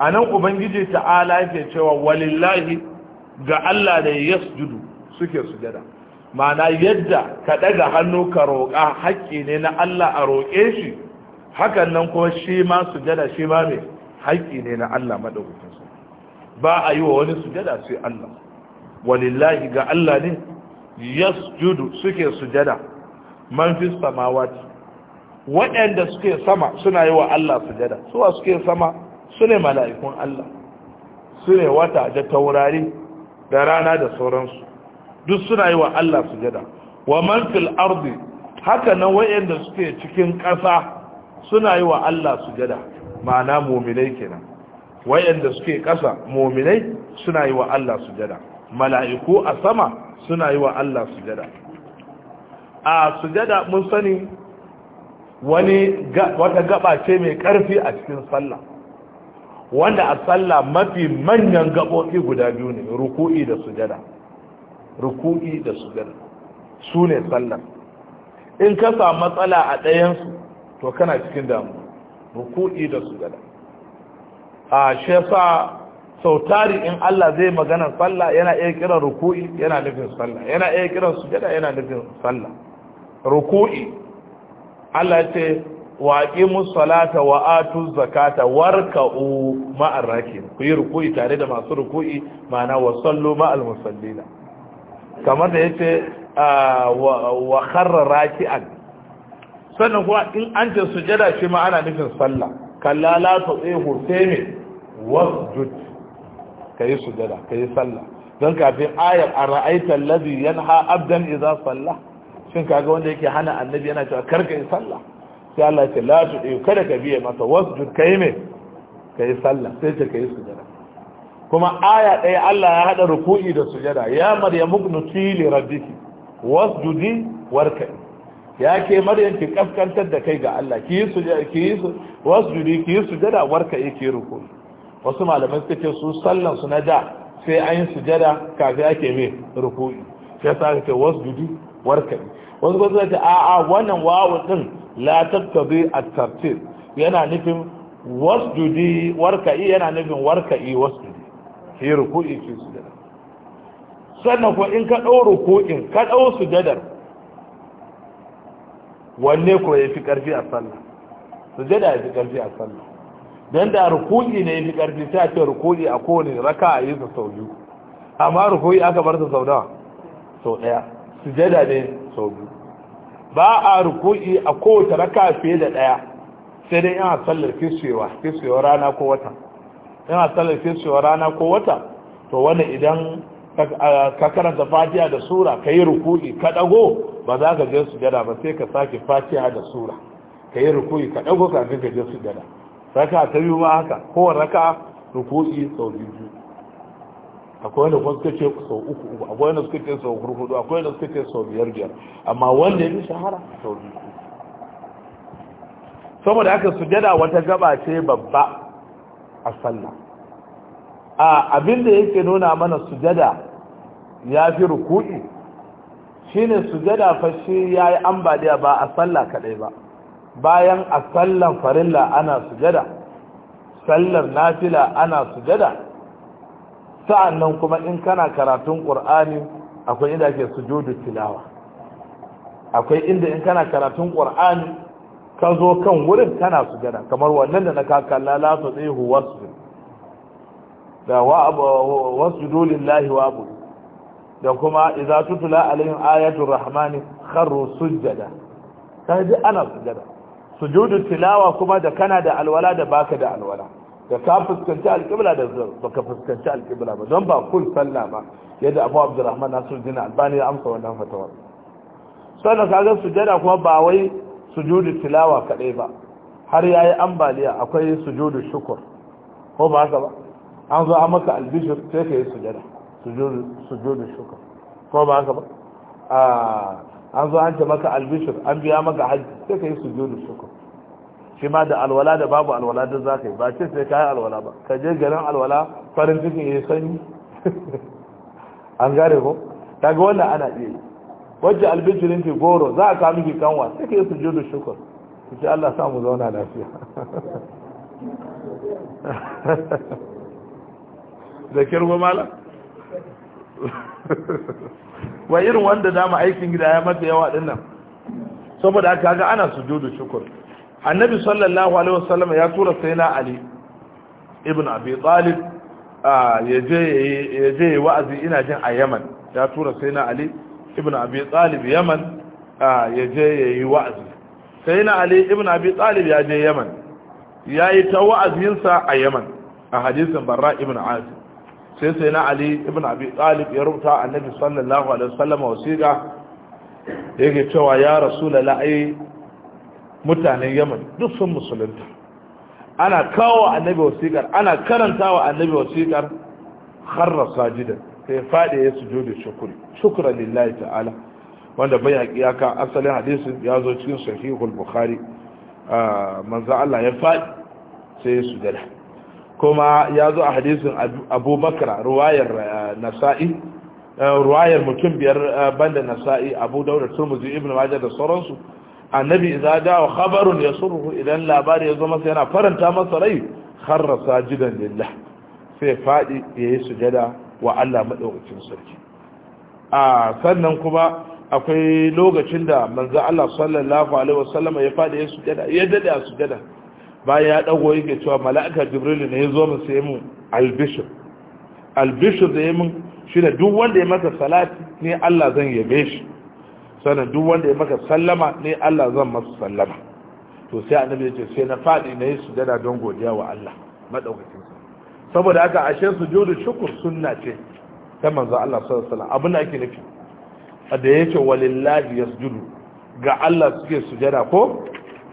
a nan ubangiji ta'ala yake cewa walillahi ga Allah da yasjudu suke sujada ma'ana yadda ka daga hannu ka roƙa haƙƙi ne na Allah a roƙe shi hakan nan kuma shi ma sujada shi ma mai haƙƙi ne na Allah madaukakin sa ba a yi wa wani sujada sai Allah walillahi ga Allah ne yasjudu suke sujada man fi samawati waɗanda suke sama suna yi wa Allah sujada suwa suke sama su ne mala'ikun Allah su ne wata da taurari da rana da sauransu duk suna yi wa Allah sujada wa man ardi haka nan wayanda suke cikin ƙasa suna yi wa Allah sujada ma'ana mu'minai kenan wayanda suke ƙasa mu'minai suna yi wa Allah sujada mala'iku a sama suna yi wa Allah sujada a sujada mun sani wani wata gaba ce mai ƙarfi a cikin sallah wanda a sallah mafi manyan gaɓoɓi guda biyu ne ruku'i da sujada ruku'i da sujada su ne sallar in ka samu matsala a ɗayansu to kana cikin damu ruku'i da sujada a shi yasa sau tari in Allah zai magana sallah yana iya kiran ruku'i yana nufin sallah yana iya kiran sujada yana nufin sallah ruku'i Allah ya ce waƙi musalata salata wa atuz zakata warka'u ma'ar rakin ku yi ruku'i tare da masu ruku'i ma'ana wa sallu ma'al musallina kamar da yace wa kharra raki'an sannan kuwa in an ce sujada shi ma ana nufin sallah kalla la tu'ihu taymi wasjud kai sujada yi sallah don kafin ayar a ra'aita alladhi yanha abdan idza salla shin kaga wanda yake hana annabi yana cewa karka yi sallah sai Allah ce la tu kada ka biye masa wasjud ka yi mai ka yi sallah sai ce ka yi sujada kuma aya ɗaya Allah ya haɗa ruku'i da sujada ya maryam mugnuti li rabbiki wasjudi warka ya ke maryam ki kaskantar da kai ga Allah ki yi sujada ki yi wasjudi ki yi sujada warka ki ruku'i wasu malamai suka ce su sallan su na da sai an yi sujada kafin ake mai ruku'i sai sa ka ce wasjudi warka wasu ba su ce a'a wannan wawu din la tattabi at-tartib yana nufin wasjudi warka'i yana nufin warka'i wasjudi fi ruku'i fi sujada sannan ko in ka dau ruku'in ka dau sujadar wanne ko yafi karfi a sallah sujada yafi karfi a sallah dan da ruku'i ne yafi karfi sai a ce ruku'i a kowane raka'a yi sa sau biyu amma ruku'i aka bar sa sau nawa sau daya sujada ne sau biyu ba a ruku'i a kowace raka fiye da ɗaya sai dai yana sallar kiswewa kiswewa rana ko wata yana sallar kiswewa rana ko wata to wani idan ka karanta fatiha da sura ka yi ruku'i ka ɗago ba za ka je su sujada ba sai ka sake fatiha da sura ka yi ruku'i ka ɗago kafin ka je su sujada raka ta biyu ma haka kowane raka ruku'i sau biyu akwai wanda kuma suka ce sau uku uku akwai wanda suka ce sau hudu hudu akwai wanda suka ce sau biyar biyar amma wanda ya shahara sau biyu saboda aka sujada wata gaba ce babba a sallah a abin da yake nuna mana sujada ya fi ruku'i shine sujada fa shi yayi ambaliya ba a sallah kadai ba bayan a sallan farilla ana sujada sallar nafila ana sujada nan kuma in kana karatun qur'ani akwai inda ake sujudu tilawa akwai inda in kana karatun qur'ani ka zo kan wurin kana su gada, kamar wannan da na kakalla kalla la tudihu da wa wasjudu lillahi wa da kuma idza tutla alaihim ayatul rahmani kharru sujada ji ana gada, sujudu tilawa kuma da kana da alwala da baka da alwala da ka fuskanci alƙibla da baka fuskanci alƙibla ba don ba kun sallah ba yadda abu abdurrahman nasiruddin albani ya amsa wannan fatawar sannan kaga sujada kuma ba wai sujudu tilawa kadai ba har ya yi ambaliya akwai sujudu shukur ko ba haka ba an zo an maka albishir sai ka yi sujada sujudu sujudu shukr ko ba haka ba ah, an zo an ce maka albishir an biya maka hajji sai ka yi sujudu shukur. shi ma da alwala da babu alwala duk za ka yi ba ce sai ka yi alwala ba ka je garin alwala farin cikin ya sanyi *laughs* an gane ko ta ga wannan ana iya yi wajen albijirin ki goro za a kami ki kanwa sai ka yi su judu shukur ki ce allah samu zauna lafiya *laughs* da kirgo mala *laughs* wa irin wanda dama aikin gida ya mafi yawa dinnan saboda aka ga ana su judu shukur annabi sallallahu alaihi wasallam ya tura sayyidina ali ibn abi talib ya je wa'azi ina jin a yaman ya tura sayyidina ali ibn abi talib yaman ya je ya yi wa'azi sayyidina ali ibn abi talib ya je yaman ya yi ta wa'azinsa a yaman a hadisin barra ibn azib sai sai na ali ibn abi talib ya rubuta annabi sallallahu alaihi wasallam wasiqa yake cewa ya rasulullah ai mutanen yaman duk sun musulunta ana kawo annabi wasiƙar ana karanta wa annabi wasiƙar harra sajidan sai faɗi ya sujudu shukuri shukran lillahi ta'ala wanda bai yaƙi ya ka asalin hadisi ya zo cikin sahihul bukhari manzo Allah ya faɗi sai ya sujada kuma ya zo a hadisin abubakar ruwayar eh, nasa'i eh, ruwayar mutum biyar eh, banda nasa'i abu daular turmuzi ibn majah da sauransu annabi idza da'a khabarun ruhu idan labari ya zo masa yana faranta masa rai kharra sajidan lillah sai fadi yayi sujada wa Allah madaukakin sarki a sannan kuma akwai lokacin da manzo Allah sallallahu alaihi wasallam ya fadi yayi sujada ya dade a sujada bayan ya dago yake cewa mala'ika jibril ne ya zo min sai mu albishr da yamin shi da duk wanda ya masa salati ne Allah zan yabe shi sannan duk wanda ya maka sallama ne Allah zan masa sallama to sai annabi ya ce sai na faɗi na yi sujada don godiya wa Allah madaukakin saboda haka ashe sujudu shukr sunna ce ta manzo Allah sallallahu alaihi wasallam abin da ake nufi da yake walillahi yasjudu ga Allah suke sujada ko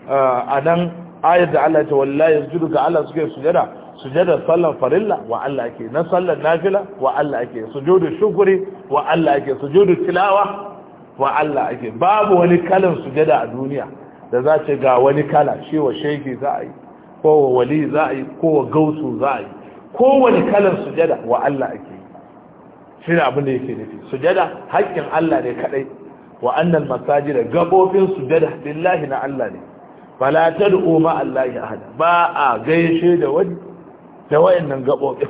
a nan ayar da Allah ta wallahi yasjudu ga Allah suke sujada sujada sallan farilla wa Allah ake na sallan nafila wa Allah ake sujudu shukri wa Allah ake sujudu tilawa wa Allah ake babu wani kalan sujada a duniya da za ce ga wani kala shi wa shege za a yi ko wa wali za a yi ko wa gausu za a yi ko wani kalan sujada wa Allah ake yi shi ne abin da yake nufi sujada haƙƙin Allah ne kadai wa masaji da gaɓoɓin sujada lillahi na Allah ne fala tad'u ma Allah hada ba a gaishe da wani da wayannan gaɓoɓin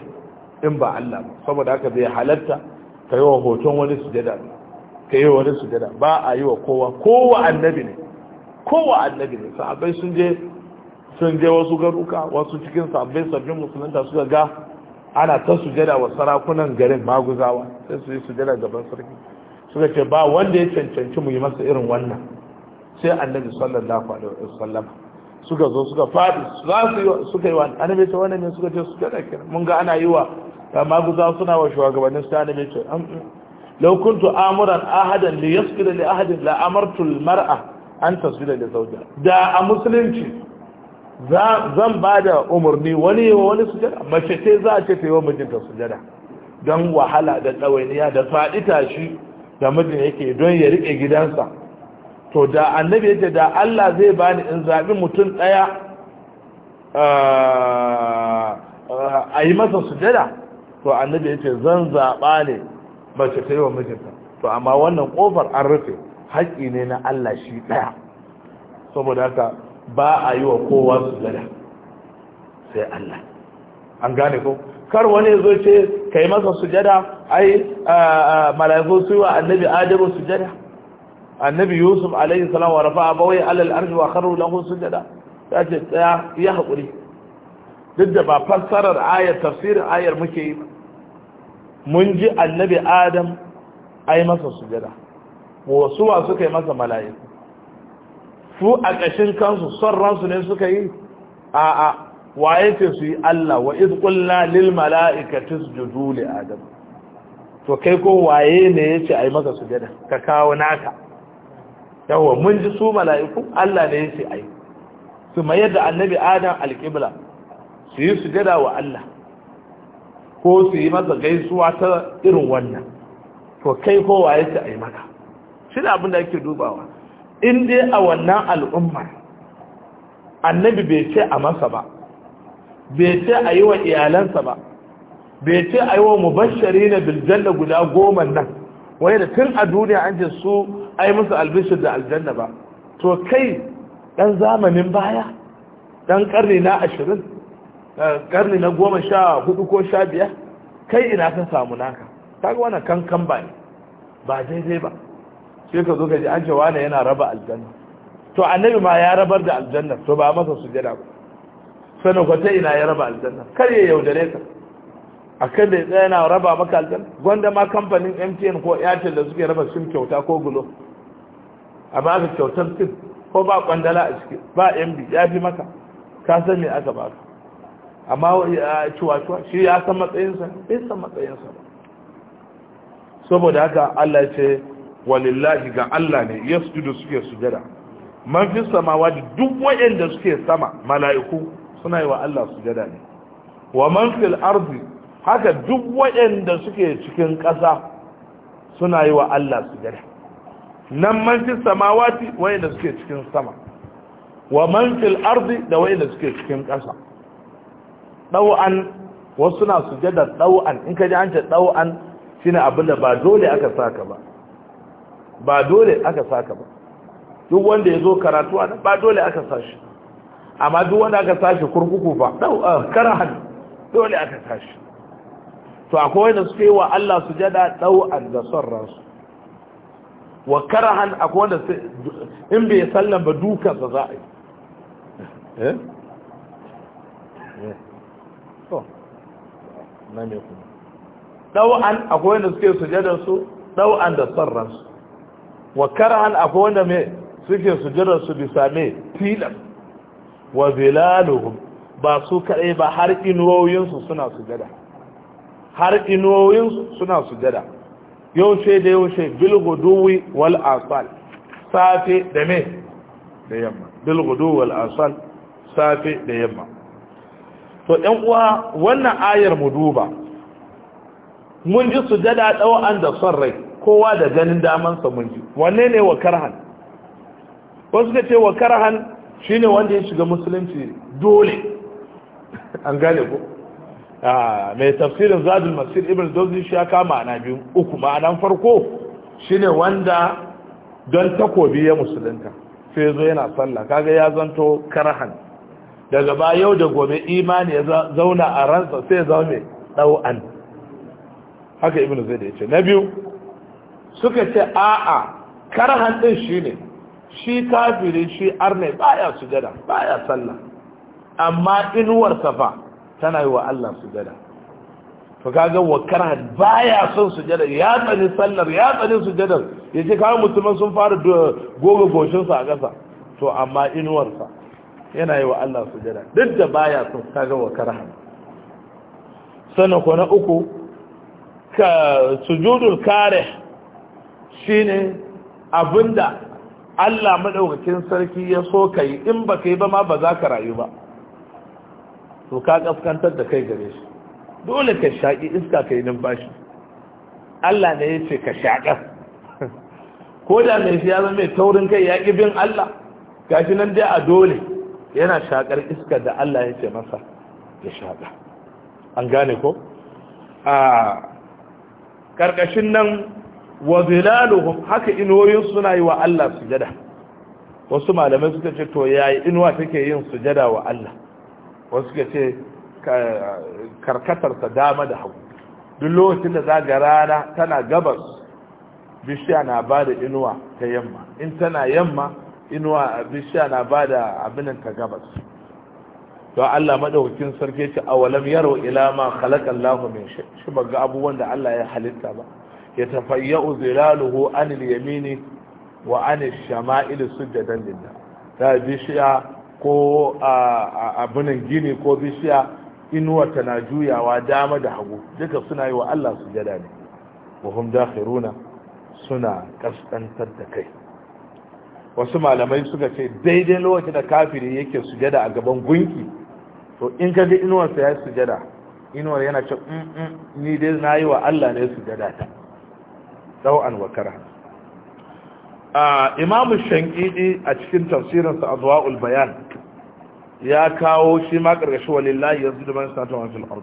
in ba Allah ba saboda haka bai halatta yi wa hoton wani sujada ka yi wani sujada ba a yi wa kowa kowa annabi ne kowa annabi ne sahabbai sun je sun je wasu garuka wasu cikin sahabbai sabbin musulunta suka ga ana ta sujada wa sarakunan garin maguzawa sai su yi sujada gaban sarki suka ce ba wanda ya cancanci mu yi masa irin wannan sai annabi sallallahu alaihi wasallam suka zo suka fadi suka yi wa annabi ta wannan ne suka ce sujada kenan mun ga ana yi wa maguzawa suna wa shugabannin su annabi ce لو كنت آمرا أحدا ليسجد لأحد لأمرت المرأة أن تسجد لزوجها دا مسلمتي zan ba da umarni wani wa wani sujada mace ce za a ce ta yi wa mijinta sujada don wahala da tsawainiya da faɗi tashi da mijin yake don ya riƙe gidansa to da annabi yake da Allah zai bani in zaɓi mutum ɗaya a yi masa sujada to annabi ce zan zaɓa ne mace ta yi wa mijinta to amma wannan kofar an rufe haƙƙi ne na Allah shi ɗaya saboda haka ba a yi wa kowa su gada sai Allah an gane ko kar wani zo ce kai masa sujada ai malaiku su yi wa annabi adamu sujada annabi yusuf alaihi salam wa rafa'a bawai alal arshi wa kharru lahu sujada ya ce tsaya ya haƙuri duk da ba fassarar ayar tafsirin ayar muke yi ba. mun ji annabi adam yi masa sujada wasu wa suka yi masa mala'iku su a ƙashin kansu son ransu ne suka yi a a waye ce su yi Allah wa iz qulna lil mala'ikati isjudu li adam to kai ko waye ne yace yi masa sujada ka kawo naka yawa mun ji su mala'iku Allah ne yace ai su mayar da annabi adam alqibla su yi sujada wa Allah ko su yi masa gaisuwa ta irin wannan to kai kowa ya ce a yi maka shi da abin da ake dubawa in dai a wannan al'umma annabi bai ce a masa ba bai ce a yi wa iyalansa ba bai ce a yi wa mubashari na biljanna guda goma nan wai da tun a duniya an ce su a yi musu albishir da aljanna ba to kai ɗan zamanin baya ɗan ƙarni na ashirin Eh, karni na goma sha hudu ko sha biyar kai ina ka samu naka ga wannan kankan ba ne ba daidai ba sai ka zo ka ji an ce ne yana raba aljanna to annabi ma ya rabar da aljanna to ba masa jada ba sanin kwata ina ya raba aljanna kar ya yaudare ka a kan da ya yana raba maka aljanna gwanda ma kamfanin mtn ko airtel da suke raba sim kyauta ko gulo a ba ka kyautar sim ko ba kwandala a ciki ba mb ya fi maka ka san me aka baka amma cuwa-cuwa shi ya san matsayinsa bai san matsayinsa ba saboda haka Allah ce walillahi ga Allah ne ya judo suke sujada man fi samawa da duk wayanda suke sama mala'iku suna yi wa Allah sujada ne wa man fil haka duk wayanda suke cikin ƙasa suna yi wa Allah sujada nan man fi samawati wayanda suke cikin sama wa man fil ardi da wayanda suke cikin ƙasa ɗau'an wasu na sujada ɗau'an in ka ji an ce ɗau'an shi ne abin da ba dole aka saka ba ba dole aka saka ba duk wanda ya zo karatu a ba dole aka sashi amma duk wanda aka sashi kurkuku ba ɗau'an ah, karahan dole aka sashi to akwai wanda suke wa Allah sujada ɗau'an da son ransu wa karahan akwai wanda in bai sallan ba dukansa za a yi eh? na mai kuma ɗau'an akwai wanda suke sujadar su ɗau'an da son ransu wa karahan akwai wanda mai suke sujadar su bisa mai tilas wa zilaluhum ba su kaɗai ba har inuwoyinsu suna sujada har inuwoyinsu suna sujada yaushe da yaushe bilguduwi wal asal safe da mai da yamma bilguduwi wal asal safe da yamma to ɗan uwa wannan ayar mu duba mun ji sujada an da son rai kowa da ganin damansa mun ji wanne ne wa karhan wasu ka ce wa karhan shine wanda ya shiga musulunci dole an gane ko ah, mai tafsirin zadul masir ibn dozi shi ya kama ana biyu uku ma'anan farko shine wanda don takobi ya musulunta sai zo yana sallah kaga ya zanto karhan daga ba yau da gobe imani ya zauna a ransa sai zama mai ɗau'an haka ibn zai da ya ce na biyu suka ce a'a karhan ɗin shi ne shi kafiri shi arne baya sujada baya sallah amma inuwar safa tana yi wa Allah sujada to kaga wa karhan baya son sujada ya tsani sallar ya tsani sujadar ya ce kawai musulman sun fara goga goshinsa a ƙasa to amma inuwarsa yana yi wa Allah sujada duk da baya sun kaga wa karaha sannan ko na uku ka sujudul kare shine abinda Allah madaukakin sarki ya so kai in ba kai ba ma ba za ka rayu ba to ka kaskantar da kai gare shi dole ka shaki iska kai numfashi Allah ne yace ka shaka *laughs* ko da mai shi ya zama mai taurin kai ya bin Allah gashi nan dai a dole yana shakar iska da Allah ya ce masa ya shaƙa. an gane ko a ƙarƙashin nan wa zilaluhum haka inuwoyin suna yi wa Allah sujada wasu malamai suka ce to yayi inuwa take yin sujada wa Allah wasu suka ce karkatarsa dama da hagu duk lokacin da zaga rana tana gabas bishiya na bada inuwa ta yamma in tana yamma inuwa bishiya na ba da abinan ka gabas to Allah madaukakin sarki ce awalam yaro ila ma khalaqa Allahu min shay shi ba abubuwan da Allah ya halitta ba ya tafayyu zilaluhu an al-yamini wa an al shamail sujadan lillah da bishiya ko abinan gini ko bishiya inuwa tana juyawa dama da hagu duka suna yi wa Allah sujada ne wa hum dakhiruna suna kaskantar da kai wasu malamai suka ce daidai lokacin da kafiri yake sujada a gaban gunki to in ka ga inuwarsa ya sujada inuwar yana ce mm, mm, ni dai na yi wa Allah ne sujada ta ɗau'an wakara kara imamu shankidi a cikin tafsirinsa a zuwa'ul bayan ya kawo shi ma ƙarƙashi wa lillahi yanzu da mani sata wani fil'ar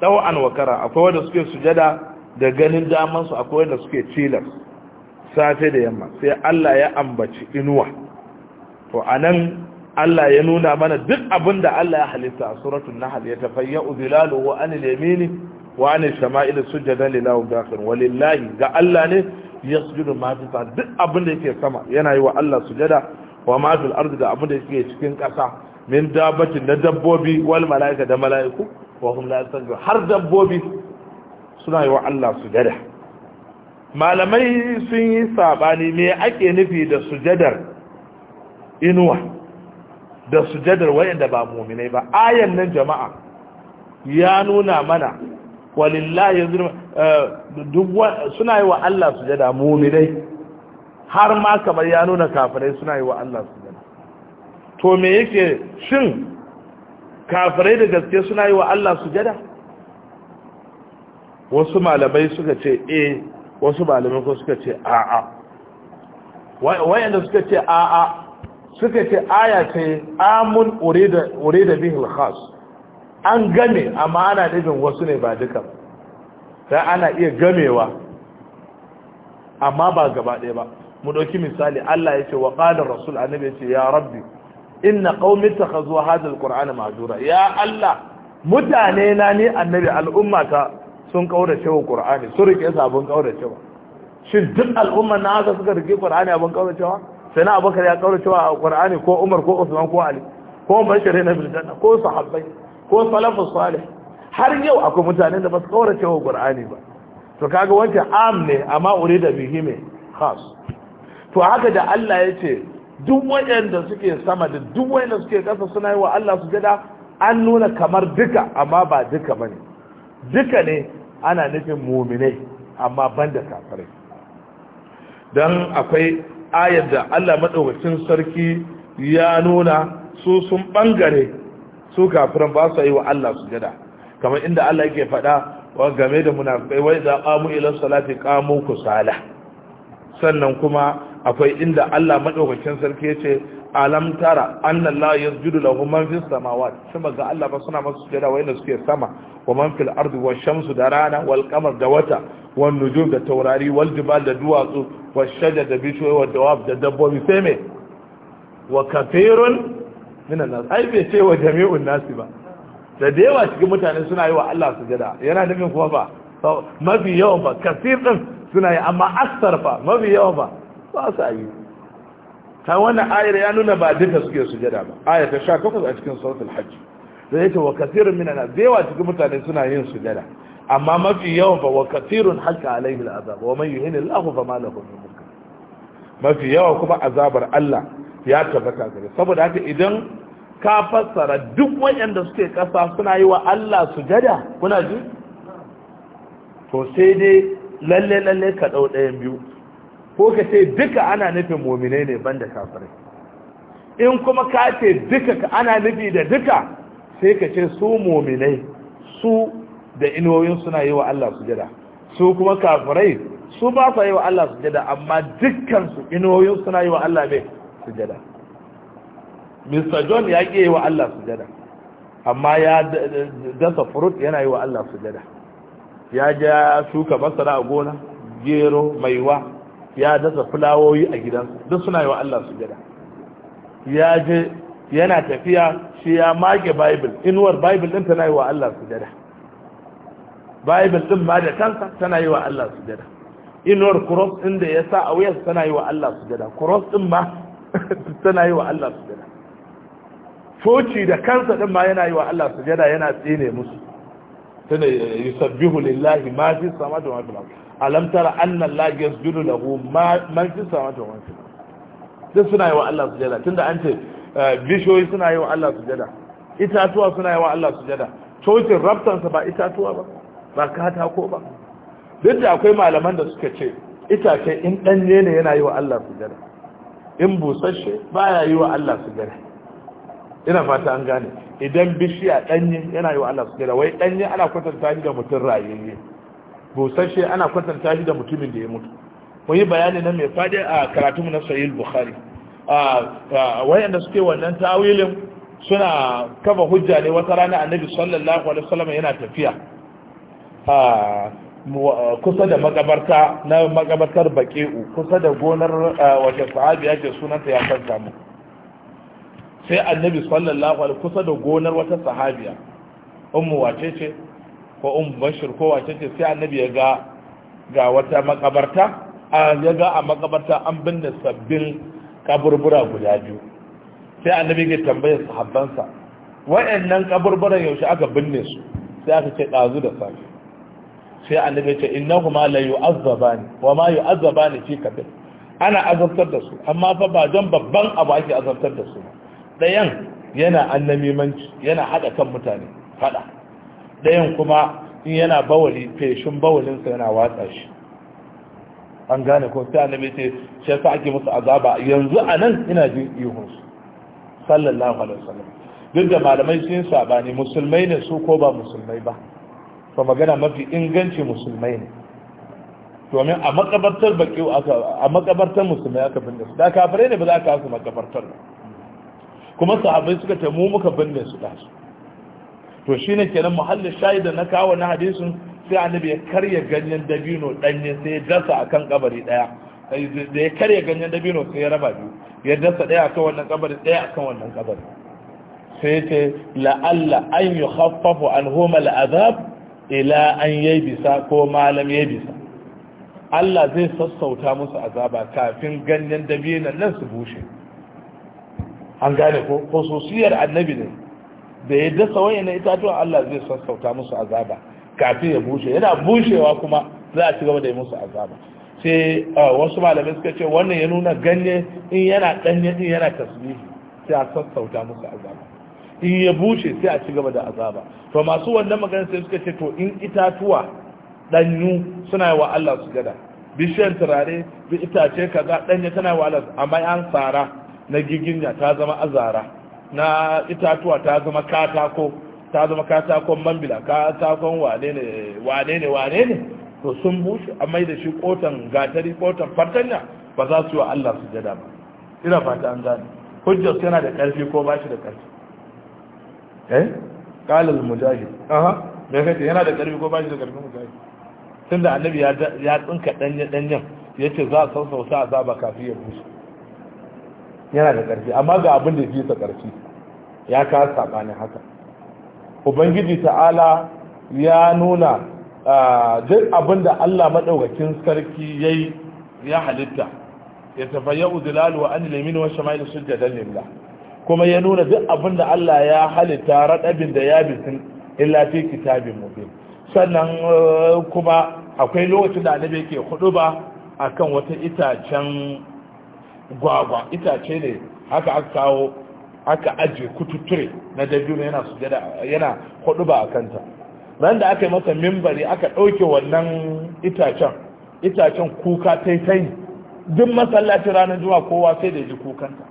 ɗau'an wakara akwai wanda suke sujada da ganin damansu akwai wanda suke tilas safe da yamma sai Allah ya ambaci inuwa to anan Allah ya nuna mana duk abin da Allah ya halitta a suratun nahl ya tafayya wa anil yamini wa anil shama'ili sujada lillahi dakhir walillahi ga Allah ne yasjudu ma fi duk abin da yake sama yana yi wa Allah sujada wa ma fil ardi da abin da yake cikin kasa min dabbatin da dabbobi wal malaika da malaiku wa hum la yasjudu har dabbobi suna yi wa Allah sujada malamai sun yi sabani me ake nufi da sujadar inuwa da sujadar wayanda ba muminai ba ayan nan jama'a ya nuna mana walillahi eh, suna yi wa Allah sujada muminai har ma kamar ya nuna kafirai suna yi wa Allah sujada to me yake shin kafirai da gaske suna yi wa Allah sujada wasu malamai suka ce eh wasu malamai ko suka ce a'a wayanda suka ce a'a suka ce aya ce amun urida bihil khas an game amma ana nufin wasu ne ba duka sai ana iya gamewa amma ba gaba ɗaya ba mu ɗauki misali Allah ya ce wa ƙadar rasul annabi ya ce ya rabbi inna qaumi takhazu hadha alqur'ana ma'zura ya Allah mutane na ne annabi al'ummata sun kaurace wa qur'ani su rike sabon kauracewa shin duk al'umma na aka suka rike qur'ani abin kauracewa sai na abubakar ya wa qur'ani ko umar ko usman ko ali ko bashir na biljanna ko sahabbai ko salafu salih har yau akwai mutanen da ba su wa qur'ani ba to kaga wancan am ne amma da bihi me khas to haka da Allah ya ce duk wanda suke sama da duk wanda suke ƙasa suna yi wa Allah sujada an nuna kamar duka amma ba duka bane duka ne ana nufin muminai amma ban da kafirai don akwai ayar da Allah maɗaukacin sarki ya nuna su sun ɓangare su kafiran ba su yi wa Allah su gada kamar inda Allah yake faɗa game da munafai wai za mu ilan salati ku kusala sannan kuma akwai inda Allah maɗaukacin sarki yace alam tara annan la yasjudu lahu man fis samawat ga Allah ba suna masu sujada waina suke sama wa man fil ardi shamsu da rana wal qamar da wata wal nujum da taurari wal da duwatsu wa da bishiyoyi da dabbobi sai wa kafirun ai bai ce wa jami'un nasi ba da da yawa cikin mutane suna yi wa Allah sujada yana nufin kuma ba mafi yawan ba kasir din suna yi amma fa mafi yi ta ayar ya nuna ba duka suke sujada ba ayar ta 18 a cikin suratul hajj da yake wa kafirin minana da yawa cikin mutane suna yin sujada amma mafi yawan fa wa kasirun hakka alaihi al'azab wa man yuhini Allahu fa ma lahu min muka? mafi yawa kuma azabar Allah ya tabbata gare saboda haka idan ka fassara duk wayanda suke kasa suna yi wa Allah sujada kuna ji to sai dai lalle lalle ka dau ɗayan biyu ko ka ce duka ana nufin mu'minai ne banda kafirai in kuma ka ce duka ana nufi da duka sai ka ce su mominai su da inuwoyin suna yi wa Allah su jada su kuma kafirai su ba sa yi wa Allah su jada amma dukkan su inuwoyin suna yi wa Allah mai jada Mr. John ya ke yi wa Allah su jada amma ya dasa furut yana yi wa Allah su jada ya ja shuka masara a gona gero maiwa ya dasa fulawoyi a gidansu duk suna yi wa Allah su jada ya je yana tafiya shi ya mage bible inuwar bible din tana yi wa Allah su jada bible din ma da kansa tana yi wa Allah su jada inuwar cross din da ya sa a wuyarsa tana yi wa Allah su jada cross din ma *laughs* tana yi wa Allah su jada foci da kansa din ma yana yi wa Allah su jada yana tsine musu tana yusabbihu lillahi ma fi samawati wa fil ardi alam tara anna la yasjudu lahu ma fi samawati wa fil ardi duk suna yi wa Allah su jada tunda an ce bishoyi suna yi wa Allah sujada itatuwa suna yi wa Allah sujada cocin rabtansa ba itatuwa ba ba katako ba duk da akwai malaman da suka ce itace in ɗanye ne yana yi wa Allah sujada in ba baya yi wa Allah sujada ina fata an gane idan bishiya ɗanye yana yi wa Allah sujada wai ɗanye ana kwatanta shi da mutum rayayye Busashe ana kwatanta shi da mutumin da ya mutu mun yi bayani na mai faɗi a karatunmu na sahih bukhari wayanda suke wannan tawilin suna kafa hujja ne wata rana annabi sallallahu alaihi wasallam yana tafiya kusa da makabarta na makabartar baqi'u kusa da gonar wace sahabiya ce sunanta ya san samu sai annabi sallallahu alaihi kusa da gonar wata sahabiya ummu wace ce ko ummu bashir ko wace ce sai annabi ya ga ga wata makabarta ya ga a makabarta an binne sabbin kaburbura guda biyu sai annabi ke tambayar sahabbansa wayannan kaburburan yaushe aka binne su sai aka ce dazu da safi sai annabi ce innahuma la yu'azzabani wa ma yu'azzabani fi kabir ana azabtar da su amma fa ba don babban abu ake azabtar da su ɗayan yana annamimanci yana hada kan mutane hada ɗayan kuma in yana bawali feshin bawalinsa yana watsa shi an gane ko sai annabi ce shi yasa ake musu azaba yanzu anan ina jin ihun su sallallahu alaihi wasallam duk da malamai sun sabani musulmai ne su ko ba musulmai ba to magana mafi inganci musulmai ne domin a makabartar baki a makabartar musulmai aka binne su da kafirai ne ba za ka su makabartar ba kuma sahabbai suka ce mu muka binne su da su to shine kenan muhallin shaida na kawo na hadisin sai annabi ya karya ganyen dabino danye sai ya dasa akan kabari daya da ya karya ganyen dabino sai ya raba biyu ya dasa daya akan wannan kabari daya akan wannan kabari sai ya ce la'alla an yi haffafu an homa la'azab ila an yi bisa ko malam yi bisa Allah zai sassauta musu azaba kafin ganyen dabino nan su bushe an gane ko khususiyar annabi ne da ya dasa wayannan itatuwa Allah zai sassauta musu azaba kafin ya bushe yana bushewa kuma za a ci gaba da yi musu azaba sai wasu malamai suka ce wannan ya nuna ganye in yana danye din yana tasbihi sai a sassauta musu azaba in ya bushe sai a ci gaba da azaba to masu wannan magana sai suka ce to in itatuwa danyu suna wa Allah su gada bishiyar turare bi itace kaza danye tana wa Allah amma an tsara na giginya ta zama azara na itatuwa ta zama katako ta zama katakon mambila katakon takon wane ne wane ne to sun bushe a mai da shi kotan gatari kotan fartanya ba za su yi wa Allah su jada ba ina fata an gane hujjar yana da ƙarfi ko ba shi da ƙarfi eh kalal mujahid aha da kai yana da ƙarfi ko ba shi da ƙarfi mujahid tunda annabi ya tsinka danye danyen yace za a za ba kafi ya bushe yana da ƙarfi amma ga abin da fi sa ƙarfi ya kasa bane haka ubangiji ta'ala ya nuna duk abin da Allah maɗaukakin sarki ya ya halitta ya tafayya uzilalu wa anil yamin wa shama'il sujjadan lillah kuma ya nuna duk abin da Allah ya halitta raɗabin da ya bisin illa fi kitabin mubin sannan e, kuma akwai lokacin da annabi yake hudu ba akan wata itacen gwagwa itace ne haka aka kawo aka ajiye kututture na dabino yana sujada yana hudu ba a kanta ran da aka yi masa mimbari aka ɗauke wannan itacen itacen kuka taitai duk masallaci ranar juma'a kowa sai da ji kukanta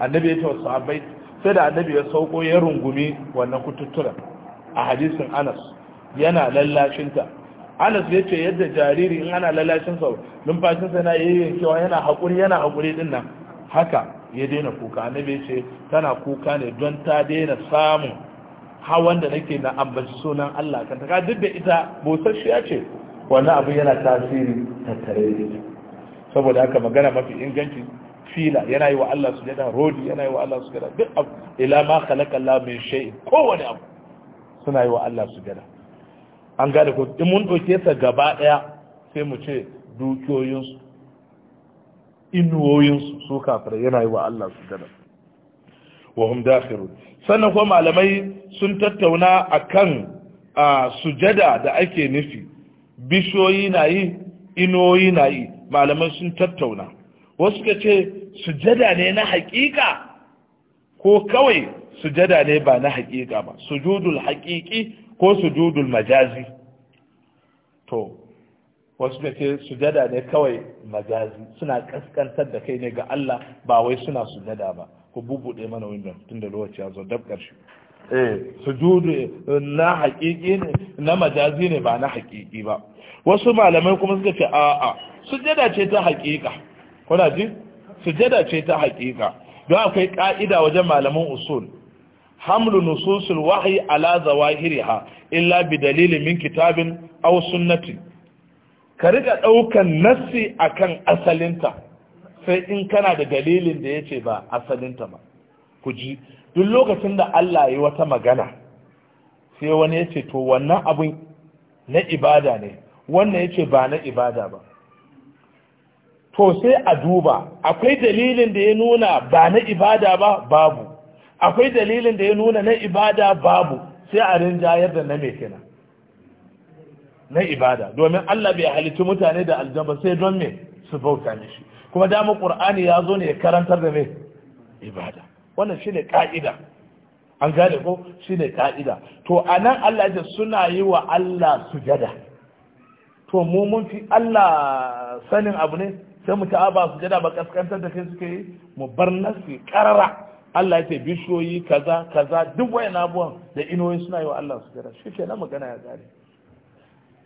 annabi ya ce sahabbai sai da annabi ya sauko ya rungumi wannan kututtura a hadisin anas yana lallashinta anas ya ce yadda jariri in ana lallashinsa numfashinsa yana yayyankewa yana haƙuri yana haƙuri din nan haka ya daina kuka ne bai ce tana kuka ne don ta daina samun hawan da nake na ambaci sunan Allah kan ta duk da ita ya ce wani abu yana tasiri tattare da ita saboda haka magana mafi inganci fila yana yi wa Allah su jada rodi yana yi wa Allah su jada duk abu ila ma khalaqa Allah min shay kowane abu suna yi wa Allah su jada an gane ko in mun doke sa gaba daya sai mu ce dukiyoyinsu inuwoyinsu su kafirai yana yi wa Allah su gada wa hum dakhirun sannan kuma malamai sun tattauna akan sujada da ake nufi bishoyi na yi inuwoyi na yi malamai sun tattauna wasu ka ce sujada ne na hakika? ko kawai sujada ne ba na hakika ba sujudul hakiki ko sujudul majazi to wasu da ke sujada ne kawai majazi suna kaskantar da kai ne ga Allah ba wai suna sujada ba ku bubuɗe mana window tun da lokaci ya zo dab ƙarshe eh sujudu na haƙiƙi ne na majazi ne ba na haƙiƙi ba wasu malamai kuma suka ce a'a sujada ce ta haƙiƙa kuna ji sujada ce ta haƙiƙa don akwai ƙa'ida wajen malaman usul hamlu nususul wahyi ala zawahiriha illa bi dalilin min kitabin aw sunnatin ka riga ɗaukan nassi akan asalinta sai in kana da dalilin da ya ce ba asalinta ba ku ji duk lokacin da Allah ya wata magana sai wani ya ce to wannan abin na ibada ne wannan ya ce ba na ibada ba to sai a duba akwai dalilin da ya nuna ba na ibada ba babu akwai dalilin da ya nuna na ibada babu sai a rinjayar da na mai kenan na ibada domin Allah bai halitta mutane da aljaba sai don me su bauta mishi kuma dama qur'ani ya zo ne ya karantar da me ibada wannan shine ka'ida an gane ko shine ka'ida to anan Allah ya suna yi wa Allah sujada to mu mun fi Allah sanin abu ne sai mu ta'aba sujada ba kaskantar da kai suke yi mu bar nasu karara Allah ya ce bishiyoyi kaza kaza duk wayan abuwan da inoyi suna yi wa Allah sujada shi ke na magana ya gane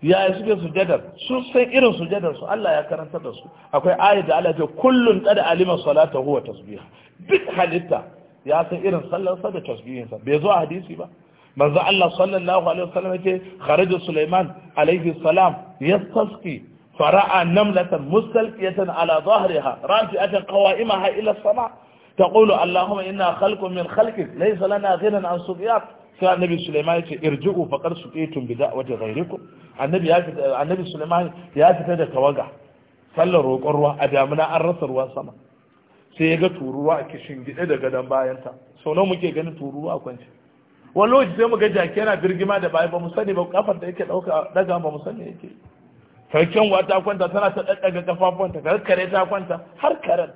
ya suke sujadar su san irin sujadar su Allah ya karanta da su akwai ayat da Allah ya ce kullun qad alima huwa tasbih duk halitta ya san irin sallar sa da tasbihin sa bai zo a hadisi ba manzo Allah sallallahu alaihi wasallam yake kharaja Sulaiman alaihi salam yastasqi fara'a namlatan mustalqiyatan ala dhahriha rafi'atan qawa'imaha ila as-sama' taqulu allahumma inna khalqun min khalqik laysa lana ghinan an sughyak sai annabi Sulaiman ya ce irji'u faqad suqitum bi da'wati ghayrikum annabi ya annabi Sulaiman ya fita da tawaga sallar roƙon ruwa a damina an rasa ruwan sama sai ya ga turuwa a kishin gide da gadon bayanta sau nawa muke ganin turuwa a kwance wani lokaci sai mu ga jaki yana birgima da baya ba mu sani ba kafar da yake dauka daga ba mu sani yake sarkin wata kwanta tana ta daddaga kafafuwanta kare ta kwanta har karen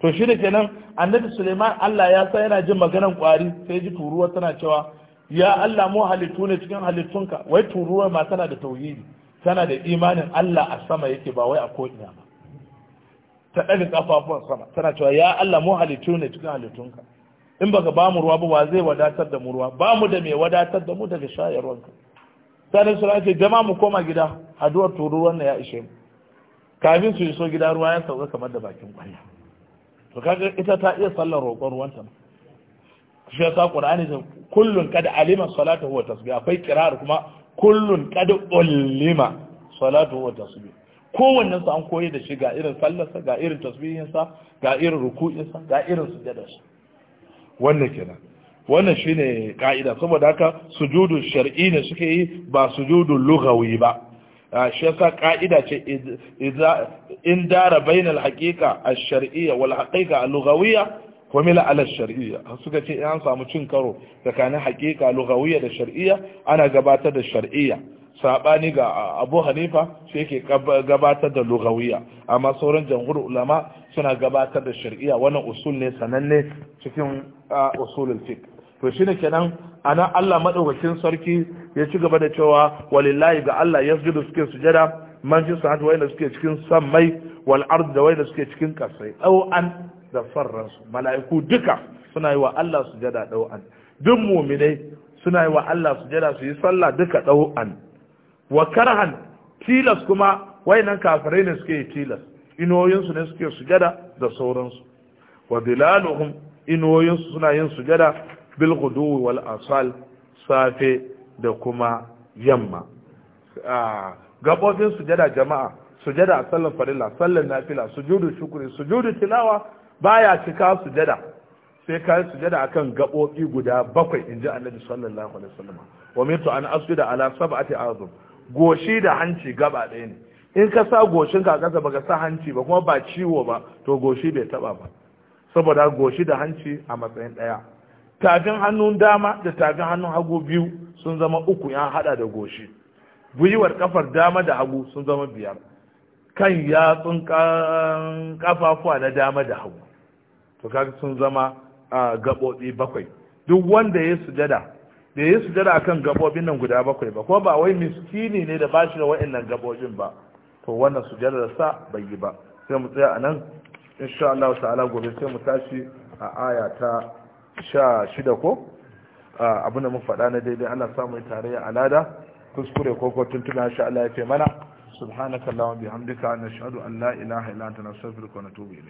to shi da kenan annabi suleiman allah ya sa yana jin maganan kwari sai ji turuwa tana cewa ya allah mu halittu ne cikin halittunka wai turuwa ma tana da tauhidi tana da imanin allah a sama yake ba wai a ko'ina ba ta ɗaga kafafuwan sama tana cewa ya allah mu halittu ne cikin halittunka in baka ba mu ruwa ba wa zai wadatar da mu ruwa ba mu da mai wadatar da mu daga shayarwanka sanin sura ce jama mu koma gida addu'ar turuwan na ya ishe mu kafin su iso gida ruwa ya sauka kamar da bakin kwaya to kaga ita ta iya sallar roƙon ruwanta shi yasa qur'ani ce kullun kada alima salatu wa tasbih akwai kirar kuma kullun kada ulima salatu wa tasbih kowannen su an koyi da shi ga irin sallarsa ga irin sa ga irin sa ga irin shi wannan kenan wannan shine ka'ida saboda haka sujudu shar'i ne suke yi ba sujudu lughawi ba Ah, shi yasa ka'ida ce in dara bainal haqiqa ash-shar'iyya wal haqiqa al-lughawiyya mila ala shar'iyya suka ce an samu cin karo tsakanin haqiqa lughawiyya da shar'iyya ana gabatar da shar'iyya sabani ga ah, Abu Hanifa sai yake gabatar da lughawiyya amma sauran jamhur ulama suna gabatar da shar'iyya wannan usul ne sananne cikin ah, usulul fiqh to shine kenan ana Allah madaukakin sarki ya ci gaba da cewa walillahi ga Allah yasjudu suke sujada man fi sa'at wa inda suke cikin sammai wal ard da wanda suke cikin kasai au an da farran su mala'iku duka suna yi wa Allah sujada dau an duk mu'minai suna yi wa Allah sujada su yi sallah duka dau an wa karhan tilas kuma wayannan kafirai ne suke tilas inoyinsu ne suke sujada da sauransu wa dilaluhum inoyinsu suna yin sujada bil wal asal safe da kuma yamma gabobin sujada jama'a sujada a sallan farilla sallan nafila sujudu shukuri sujudu tilawa baya cika sujada sai kayi sujada akan gabobi guda bakwai inji annabi sallallahu alaihi wasallam wa mitu an asjuda ala sab'ati azum goshi da hanci gaba ɗaya ne in ka sa goshin ka kasa baka sa hanci ba kuma ba ciwo ba to goshi bai taba ba saboda goshi da hanci a matsayin ɗaya tafin hannun dama da tafin hannun hagu biyu sun zama uku ya hada da goshi gwiwar kafar dama da hagu sun zama biyar kan yatsun kafafuwa na dama da hagu to kaga sun zama gabobi bakwai duk wanda ya sujada da ya sujada akan gabobin nan guda bakwai ba ko ba wai miskini ne da bashi da wa'annan gabobin ba to wannan sujada da sa bai yi ba sai mu tsaya a nan, insha Allah ta'ala gobe sai mu tashi a aya ta sha shida ko abin da mun faɗa na daidai Allah samu tarayya alada kuskure ko ko tuntuna sha Allah ya fi mana subhanaka allahumma bihamdika nashhadu an la ilaha illa anta nastaghfiruka wa natubu ilayk